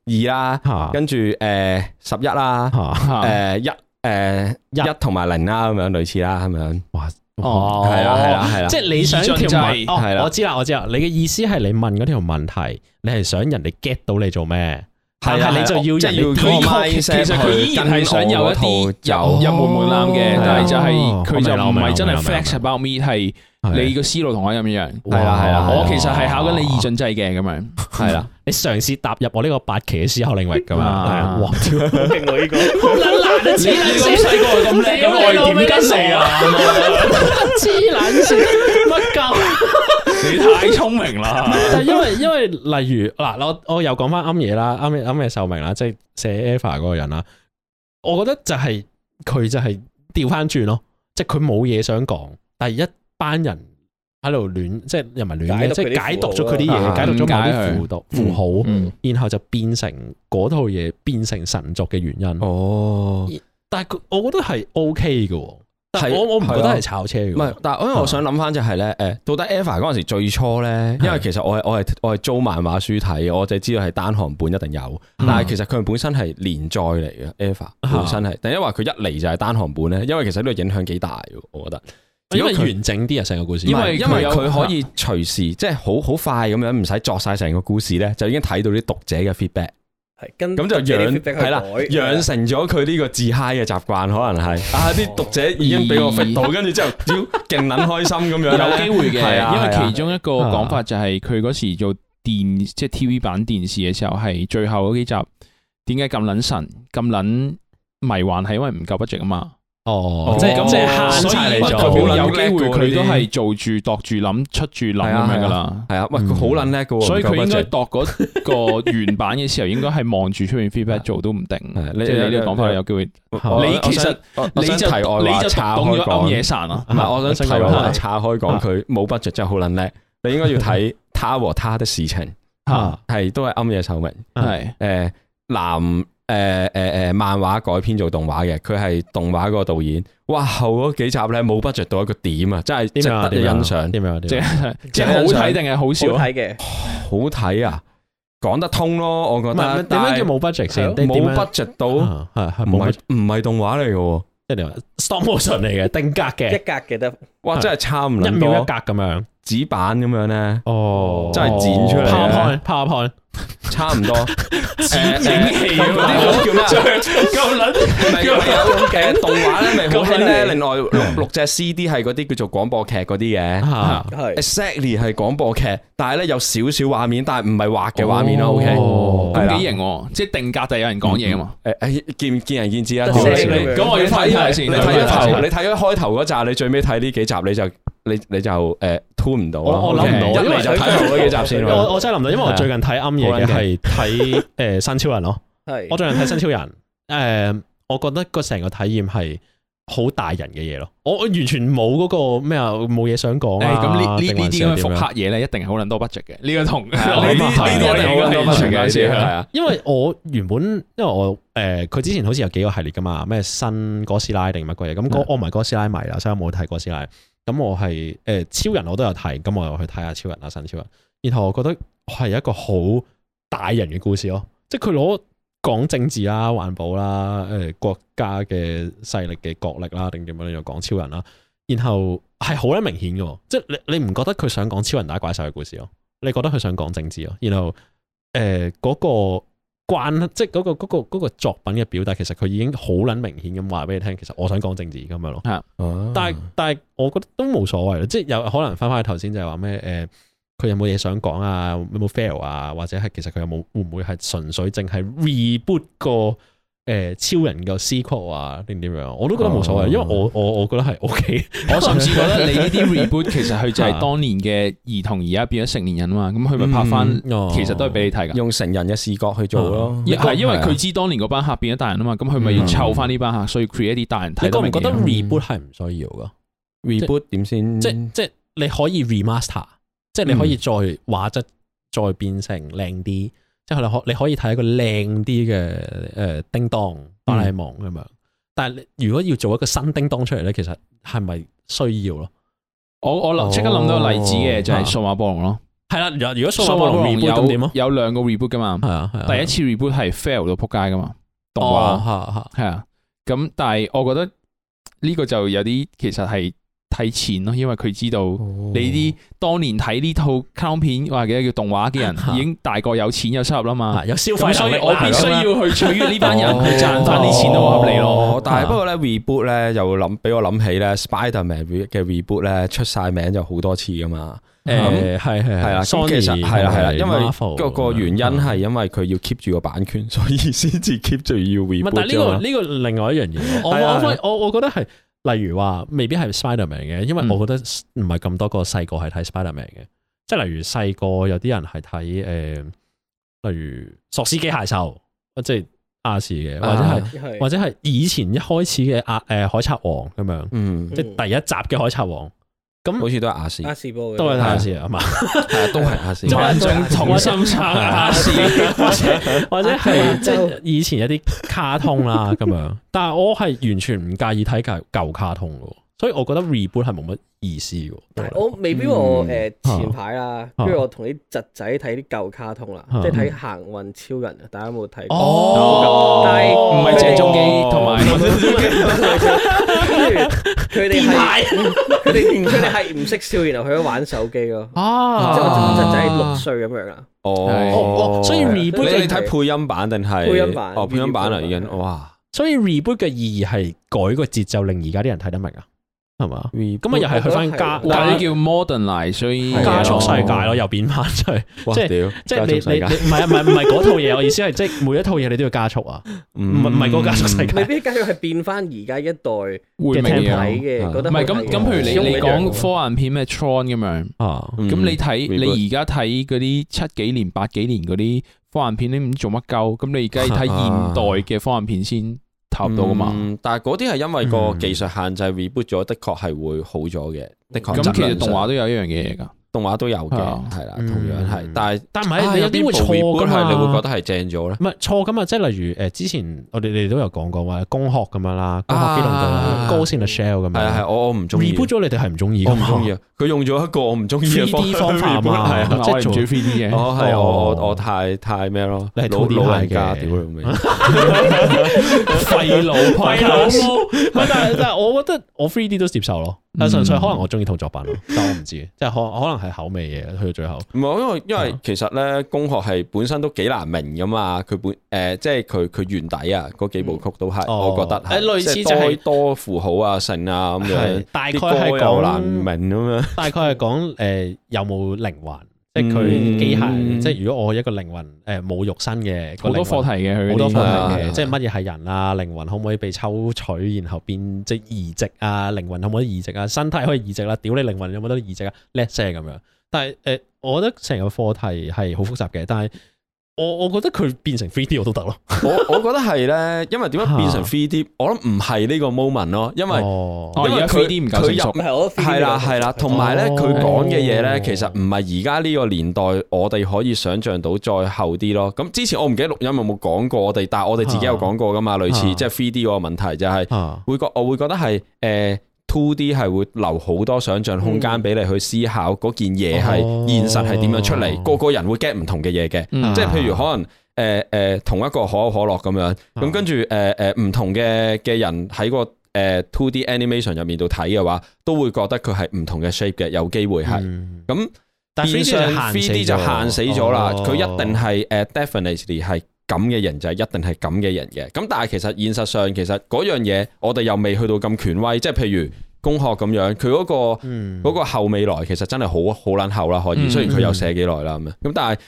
誒二啦，跟住誒十一啦，誒一誒一同埋零啦咁樣類似啦咁樣。哦，係啦、哦，係啦，係啦，即係你想條問，我知啦，我知啦，你嘅意思係你問嗰條問題，你係想人哋 get 到你做咩？係啊，你要、哦、就是、要，即係要。其實佢依然係想有一啲有、哦、有冇冇嘅，但係就係佢就唔係、哦、真係 flex about me 係。你個思路同我一樣，係啦係啦，我其實係考緊你二進制嘅咁樣，係啦，你嘗試踏入我呢個八期嘅思考領域噶嘛？哇，好難，好難，你知啦，細個咁叻，咁我點跟你啊？黐捻線，乜鳩？你太聰明啦！因為因為例如嗱，我我又講翻啱嘢啦，啱嘅啱嘅壽命啦，即係寫 Eva 嗰個人啦，我覺得就係佢就係調翻轉咯，即係佢冇嘢想講，但係一班人喺度亂，即係又唔係亂，即係解讀咗佢啲嘢，解讀咗埋啲符號符號，嗯嗯、然後就變成嗰套嘢變成神作嘅原因。哦，但係我我覺得係 O K 嘅，但係我我唔覺得係炒車嘅。唔係，但係我想諗翻就係、是、咧，誒是，到底 Eva 嗰陣時最初咧，因為其實我係我係我係租漫畫書睇，我就知道係單行本一定有，是但係其實佢本身係連載嚟嘅 Eva 本身係，但係因為佢一嚟就係單行本咧，因為其實呢個影響幾大，我覺得。因為完整啲啊，成個故事。因為因為佢可以隨時即係好好快咁樣，唔使作晒成個故事咧，就已經睇到啲讀者嘅 feedback。係，咁就養係啦，養成咗佢呢個自嗨嘅習慣，可能係但係啲讀者已經俾我 fit 到，跟住之後屌勁捻開心咁樣。有機會嘅，因為其中一個講法就係佢嗰時做電即係 TV 版電視嘅時候，係最後嗰幾集，點解咁捻神、咁捻迷幻？係因為唔夠 budget 啊嘛。哦，即係咁，即係限制你，佢好有機會，佢都係做住度住諗，出住諗咁樣噶啦，係啊，喂，佢好撚叻噶，所以佢應該度嗰個原版嘅時候，應該係望住出面 feedback 做都唔定，即係你呢個講法有機會。你其實，我想提外話，拆開講。唔係，我想提外話，拆開講佢冇 budget，真係好撚叻。你應該要睇他和他的事情，係都係暗夜獸物，係誒男。誒誒誒，漫畫改編做動畫嘅，佢係動畫嗰個導演。哇，後嗰幾集咧冇 budget 到一個點啊，真係值得欣賞。點樣？即係即係好睇定係好笑啊？好睇嘅，好睇啊，講得通咯，我覺得。點樣叫冇 budget 先？冇 budget 到係係唔係唔係動畫嚟嘅？一啲話 stop motion 嚟嘅，定格嘅，一格嘅得。哇，真係差唔多一秒一格咁樣，紙板咁樣咧。哦，真係剪出嚟。差唔多，剪影戲咯，叫咩？夠捻，唔係有種嘅動畫咧，咪好聽咧。另外六六隻 CD 係嗰啲叫做廣播劇嗰啲嘅，係。Exactly 係廣播劇，但係咧有少少畫面，但係唔係畫嘅畫面咯。OK，咁幾型，即係定格，就有人講嘢啊嘛。誒誒，見見仁見智啊。咁我要睇睇先，你睇咗頭，你睇咗開頭嗰集，你最尾睇呢幾集，你就。你你就誒拖，唔到我諗唔到，入嚟就睇嗰幾集先。我真係諗到，因為我最近睇啱嘢嘅係睇誒新超人咯。係， 我最近睇新超人，誒、呃，我覺得個成個體驗係好大人嘅嘢咯。我完全冇嗰個咩啊，冇嘢想講咁呢呢啲嘅黑嘢咧，嗯、這些這些一定係好撚多 budget 嘅。呢個同好多 budget 嘅，係、嗯、啊。因為我原本因為我誒佢、呃、之前好似有幾個系列噶嘛，咩新哥斯拉定乜鬼嘢咁？我唔 h 哥斯拉迷啦，所以我冇睇哥斯拉。咁我係誒、呃、超人我都有睇，咁我又去睇下超人啊，新超人，然後我覺得係一個好大人嘅故事咯、哦，即係佢攞講政治啦、啊、環保啦、啊、誒、呃、國家嘅勢力嘅角力啦、啊，定點樣又講超人啦、啊，然後係好得明顯嘅、哦，即係你你唔覺得佢想講超人打怪獸嘅故事咯、哦？你覺得佢想講政治咯、哦？然後誒嗰、呃那個。慣即係、嗰、嗰個嗰、嗰個嗰個、作品嘅表達，其實佢已經好撚明顯咁話俾你聽，其實我想講政治咁樣咯。係、啊，但係但係我覺得都冇所謂咯，即係有可能翻返去頭先就係話咩誒，佢、呃、有冇嘢想講啊？有冇 fail 啊？或者係其實佢有冇會唔會係純粹淨係 reboot 過？誒，超人嘅 C code 啊，定點樣？我都覺得冇所謂，因為我我我覺得係 OK，我甚至覺得你呢啲 reboot 其實係就係當年嘅兒童而家變咗成年人啊嘛，咁佢咪拍翻，其實都係俾你睇噶，用成人嘅視覺去做咯，係因為佢知當年嗰班客變咗大人啊嘛，咁佢咪要湊翻呢班客，所以 create 啲大人睇。你覺唔覺得 reboot 係唔需要噶？reboot 點先？即即係你可以 remaster，即係你可以再畫質再變成靚啲。即係可你可以睇一個靚啲嘅，誒，叮噹哆啦 A 夢咁樣，嗯、但係如果要做一個新叮噹出嚟咧，其實係咪需要咯？我我諗即刻諗到個例子嘅、哦、就係數碼暴龍咯。係啦，如果數碼暴龍有有兩個 reboot 噶嘛，係啊係啊。第一次 reboot 係 fail 到仆街噶嘛，動畫係啊。咁、哦、的但係我覺得呢個就有啲其實係。睇錢咯，因為佢知道你啲當年睇呢套卡通片或者叫動畫嘅人已經大個有錢有收入啦嘛，有消費，所以我必須要去取悅呢班人去賺翻啲錢都合理咯。但係不過咧 reboot 咧，又諗俾我諗起咧 Spiderman 嘅 reboot 咧出晒名就好多次㗎嘛。誒係係係啦，其實係啦係啦，因為個個原因係因為佢要 keep 住個版權，所以先至 keep 住要 reboot。但係呢個呢個另外一樣嘢，我我我覺得係。例如話，未必係 Spiderman 嘅，因為我覺得唔係咁多個細個係睇 Spiderman 嘅，嗯、即係例如細個有啲人係睇誒，例如索斯機械獸即係亞視嘅，啊、或者係、啊、或者係以前一開始嘅亞誒海賊王咁樣，嗯、即係第一集嘅海賊王。咁那好似都係亞視，都係亞視啊嘛，係吧 啊，都係亞， 亞視，仲重新上亞視，或者或者係即係以前一啲卡通啦咁樣， 但係我係完全唔介意睇舊舊卡通噶。所以我覺得 reboot 係冇乜意思嘅，我未必我，誒前排啊，不如我同啲侄仔睇啲舊卡通啦，即係睇行運超人啊，大家有冇睇過？哦，但係唔係鄭中基同埋佢哋，佢哋唔出嚟係唔識笑，然後去咗玩手機咯。啊，即係我侄仔六歲咁樣啊。哦，所以 reboot 你睇配音版定係？配音版哦，配音版啦已經，哇！所以 reboot 嘅意義係改個節奏，令而家啲人睇得明啊。係嘛？咁啊，又係去翻加，嗱你叫 modernize，所以加速世界咯，又變翻出，即係即係你你你唔係啊，唔係唔係嗰套嘢，我意思係即係每一套嘢你都要加速啊，唔係唔係嗰個加速世界，未必加速係變翻而家一代會睇嘅，覺得唔係咁咁。譬如你你講科幻片咩 Tron 咁樣，咁你睇你而家睇嗰啲七幾年八幾年嗰啲科幻片你唔知做乜鳩，咁你而家睇現代嘅科幻片先。差唔多㗎嘛，嗯、但係嗰啲係因為個技術限制，reboot 咗的確係會好咗嘅，嗯、的確。咁、嗯、其實動畫都有一樣嘢㗎。動畫都有嘅，係啦，同樣係，但係但係你有啲會錯噶嘛，係你會覺得係正咗咧？唔係錯咁嘛，即係例如誒，之前我哋你哋都有講過話攻殼咁樣啦，攻殼機動隊，Ghost in the Shell 咁樣，係係我我唔中意，reboot 咗你哋係唔中意，我唔中意，佢用咗一個我唔中意嘅方法啊嘛，係即係 three D 嘅，我係我我太太咩咯，你係老老行家屌你，廢腦虧老毛，但係但係我覺得我 three D 都接受咯，但係純粹可能我中意套作品咯，但我唔知，即係可可能。係口味嘢，去到最後。唔係，因為因為其實咧，工學系本身都幾難明噶嘛。佢本誒、呃，即係佢佢原底啊，嗰幾部曲都係，嗯、我覺得。係類似就係多符號啊、剩啊咁樣。是是大概係夠難明咁樣。大概係講誒，有冇靈魂？ 嗯、即係佢機械，即係如果我一個靈魂，誒、呃、冇肉身嘅好多課題嘅，好多課題嘅，嗯、即係乜嘢係人啊？靈魂可唔可以被抽取，然後變即係移植啊？靈魂可唔可以移植啊？身體可以移植啦、啊，屌你靈魂有冇得移植啊？叻聲咁樣，但係誒、呃，我覺得成個課題係好複雜嘅，但係。我我覺得佢變成 three D 我都得咯，我我覺得係咧，因為點樣變成 three D，啊、我諗唔係呢個 moment 咯，因為而家 three D 唔夠成熟，係啦，係啦，同埋咧佢講嘅嘢咧，其實唔係而家呢個年代我哋可以想象到，再後啲咯。咁之前我唔記得錄音有冇講過我哋，但係我哋自己有講過噶嘛，啊、類似即係 three D 個問題就係會覺我會覺得係誒。呃 Two D 係會留好多想像空間俾你去思考嗰件嘢係現實係點樣出嚟，個個人會 get 唔同嘅嘢嘅，即係譬如可能誒誒同一個可口可樂咁樣，咁跟住誒誒唔同嘅嘅人喺個誒 Two D animation 入面度睇嘅話，都會覺得佢係唔同嘅 shape 嘅，有機會係咁。但係 three D 就限死咗啦，佢一定係誒 definitely 係。咁嘅人就係一定係咁嘅人嘅。咁但係其實現實上，其實嗰樣嘢我哋又未去到咁權威，即係譬如工學咁樣，佢嗰、那個嗰、嗯、個後未來其實真係好好撚後啦，可以雖然佢有寫幾耐啦咁樣，咁、嗯嗯、但係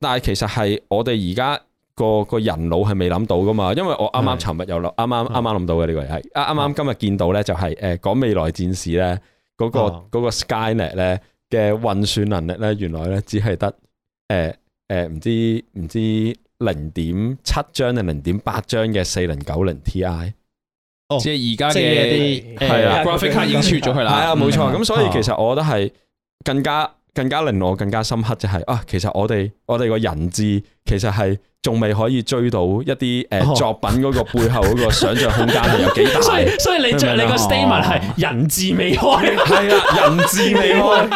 但係其實係我哋而家個個人腦係未諗到噶嘛，因為我啱啱尋日又諗，啱啱啱啱諗到嘅呢個係，啊啱啱今日見到咧就係誒講未來戰士咧嗰個、嗯、個 SkyNet 咧嘅運算能力咧，原來咧只係得誒誒唔知唔知。零點七張定零點八張嘅四零九零 TI，即係而家嘅係啊 graphics 已經出咗去啦。係啊，冇錯。咁所以其實我覺得係更加更加令我更加深刻就係啊，其實我哋我哋個人智其實係仲未可以追到一啲誒作品嗰個背後嗰個想象空間係有幾大。所以你最係你個 statement 係人智未開，係啊，人智未開。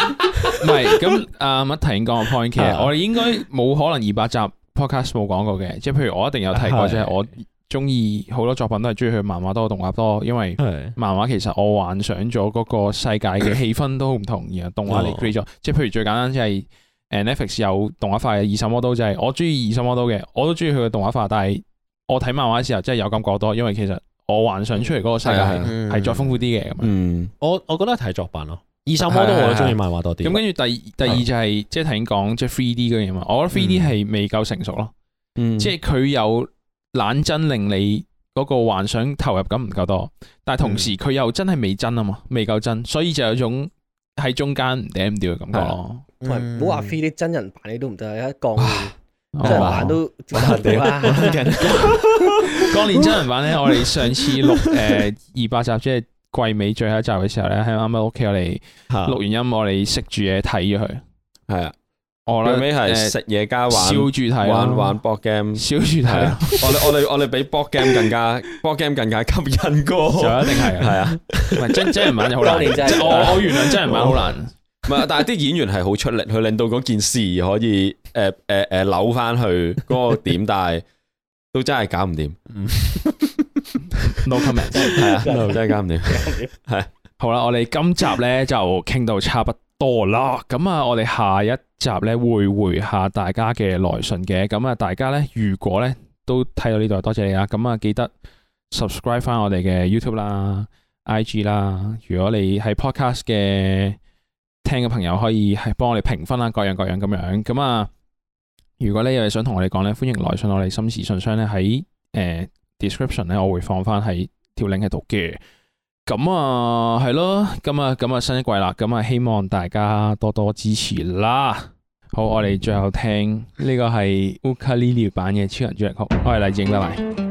唔係咁啊，乜提已經講個 point 其實，我哋應該冇可能二百集。Podcast 冇講過嘅，即係譬如我一定有睇過，即係是我中意好多作品都係中意佢漫畫多過動畫多，因為漫畫其實我幻想咗嗰個世界嘅氣氛都唔同， 而動畫你 create 咗，即係譬如最簡單即係，誒、就是、Netflix 有動畫化嘅《異獸魔都》，就係、是、我中意《異獸魔都》嘅，我都中意佢嘅動畫化，但係我睇漫畫嘅時候真係、就是、有感覺多，因為其實我幻想出嚟嗰個世界係再豐富啲嘅，咁樣、嗯，嗯、我我覺得睇作品咯。二手 m o 我都中意漫畫多啲，咁跟住第第二就係即係頭先講即係 three d 嗰樣啊，我覺得 three d 係未夠成熟咯，即係佢有懶真令你嗰個幻想投入感唔夠多，但係同時佢又真係未真啊嘛，未夠真，所以就有種喺中間唔嗲唔吊嘅感覺咯。唔好話 three d 真人版你都唔得，一講真人版都唔嗲唔吊。講年真人版咧，我哋上次錄誒二百集即係。季尾最後一集嘅時候咧，喺啱啱屋企我哋錄完音，我哋食住嘢，睇咗佢。係啊，我最尾係食嘢加玩，笑住睇啊，玩玩博 game，笑住睇啊。我我我我哋比博 game 更加，博 game 更加吸引個。歌就一定係，係啊。唔係真人版好難，即係我我原諒真人版好難。唔係，但係啲演員係好出力，佢令到嗰件事可以，誒誒誒扭翻去嗰個點，但係都真係搞唔掂。No comment，係啊，真係搞唔掂，係好啦，我哋今集咧就傾到差不多啦，咁啊，我哋下一集咧會回下大家嘅來信嘅，咁啊，大家咧如果咧都睇到呢度，多謝你啊。咁啊，記得 subscribe 翻我哋嘅 YouTube 啦、IG 啦，如果你係 Podcast 嘅聽嘅朋友，可以係幫我哋評分啦，各樣各樣咁樣，咁啊，如果咧有嘢想同我哋講咧，歡迎來信我哋心事信箱咧，喺、呃、誒。description 咧，我會放翻喺條 link 喺度嘅。咁啊，係咯，咁啊，咁啊，新一季啦，咁啊，希望大家多多支持啦。好。好，我哋最後聽呢個係 Ukelele 版嘅《超人主題曲》，我係黎正，拜拜。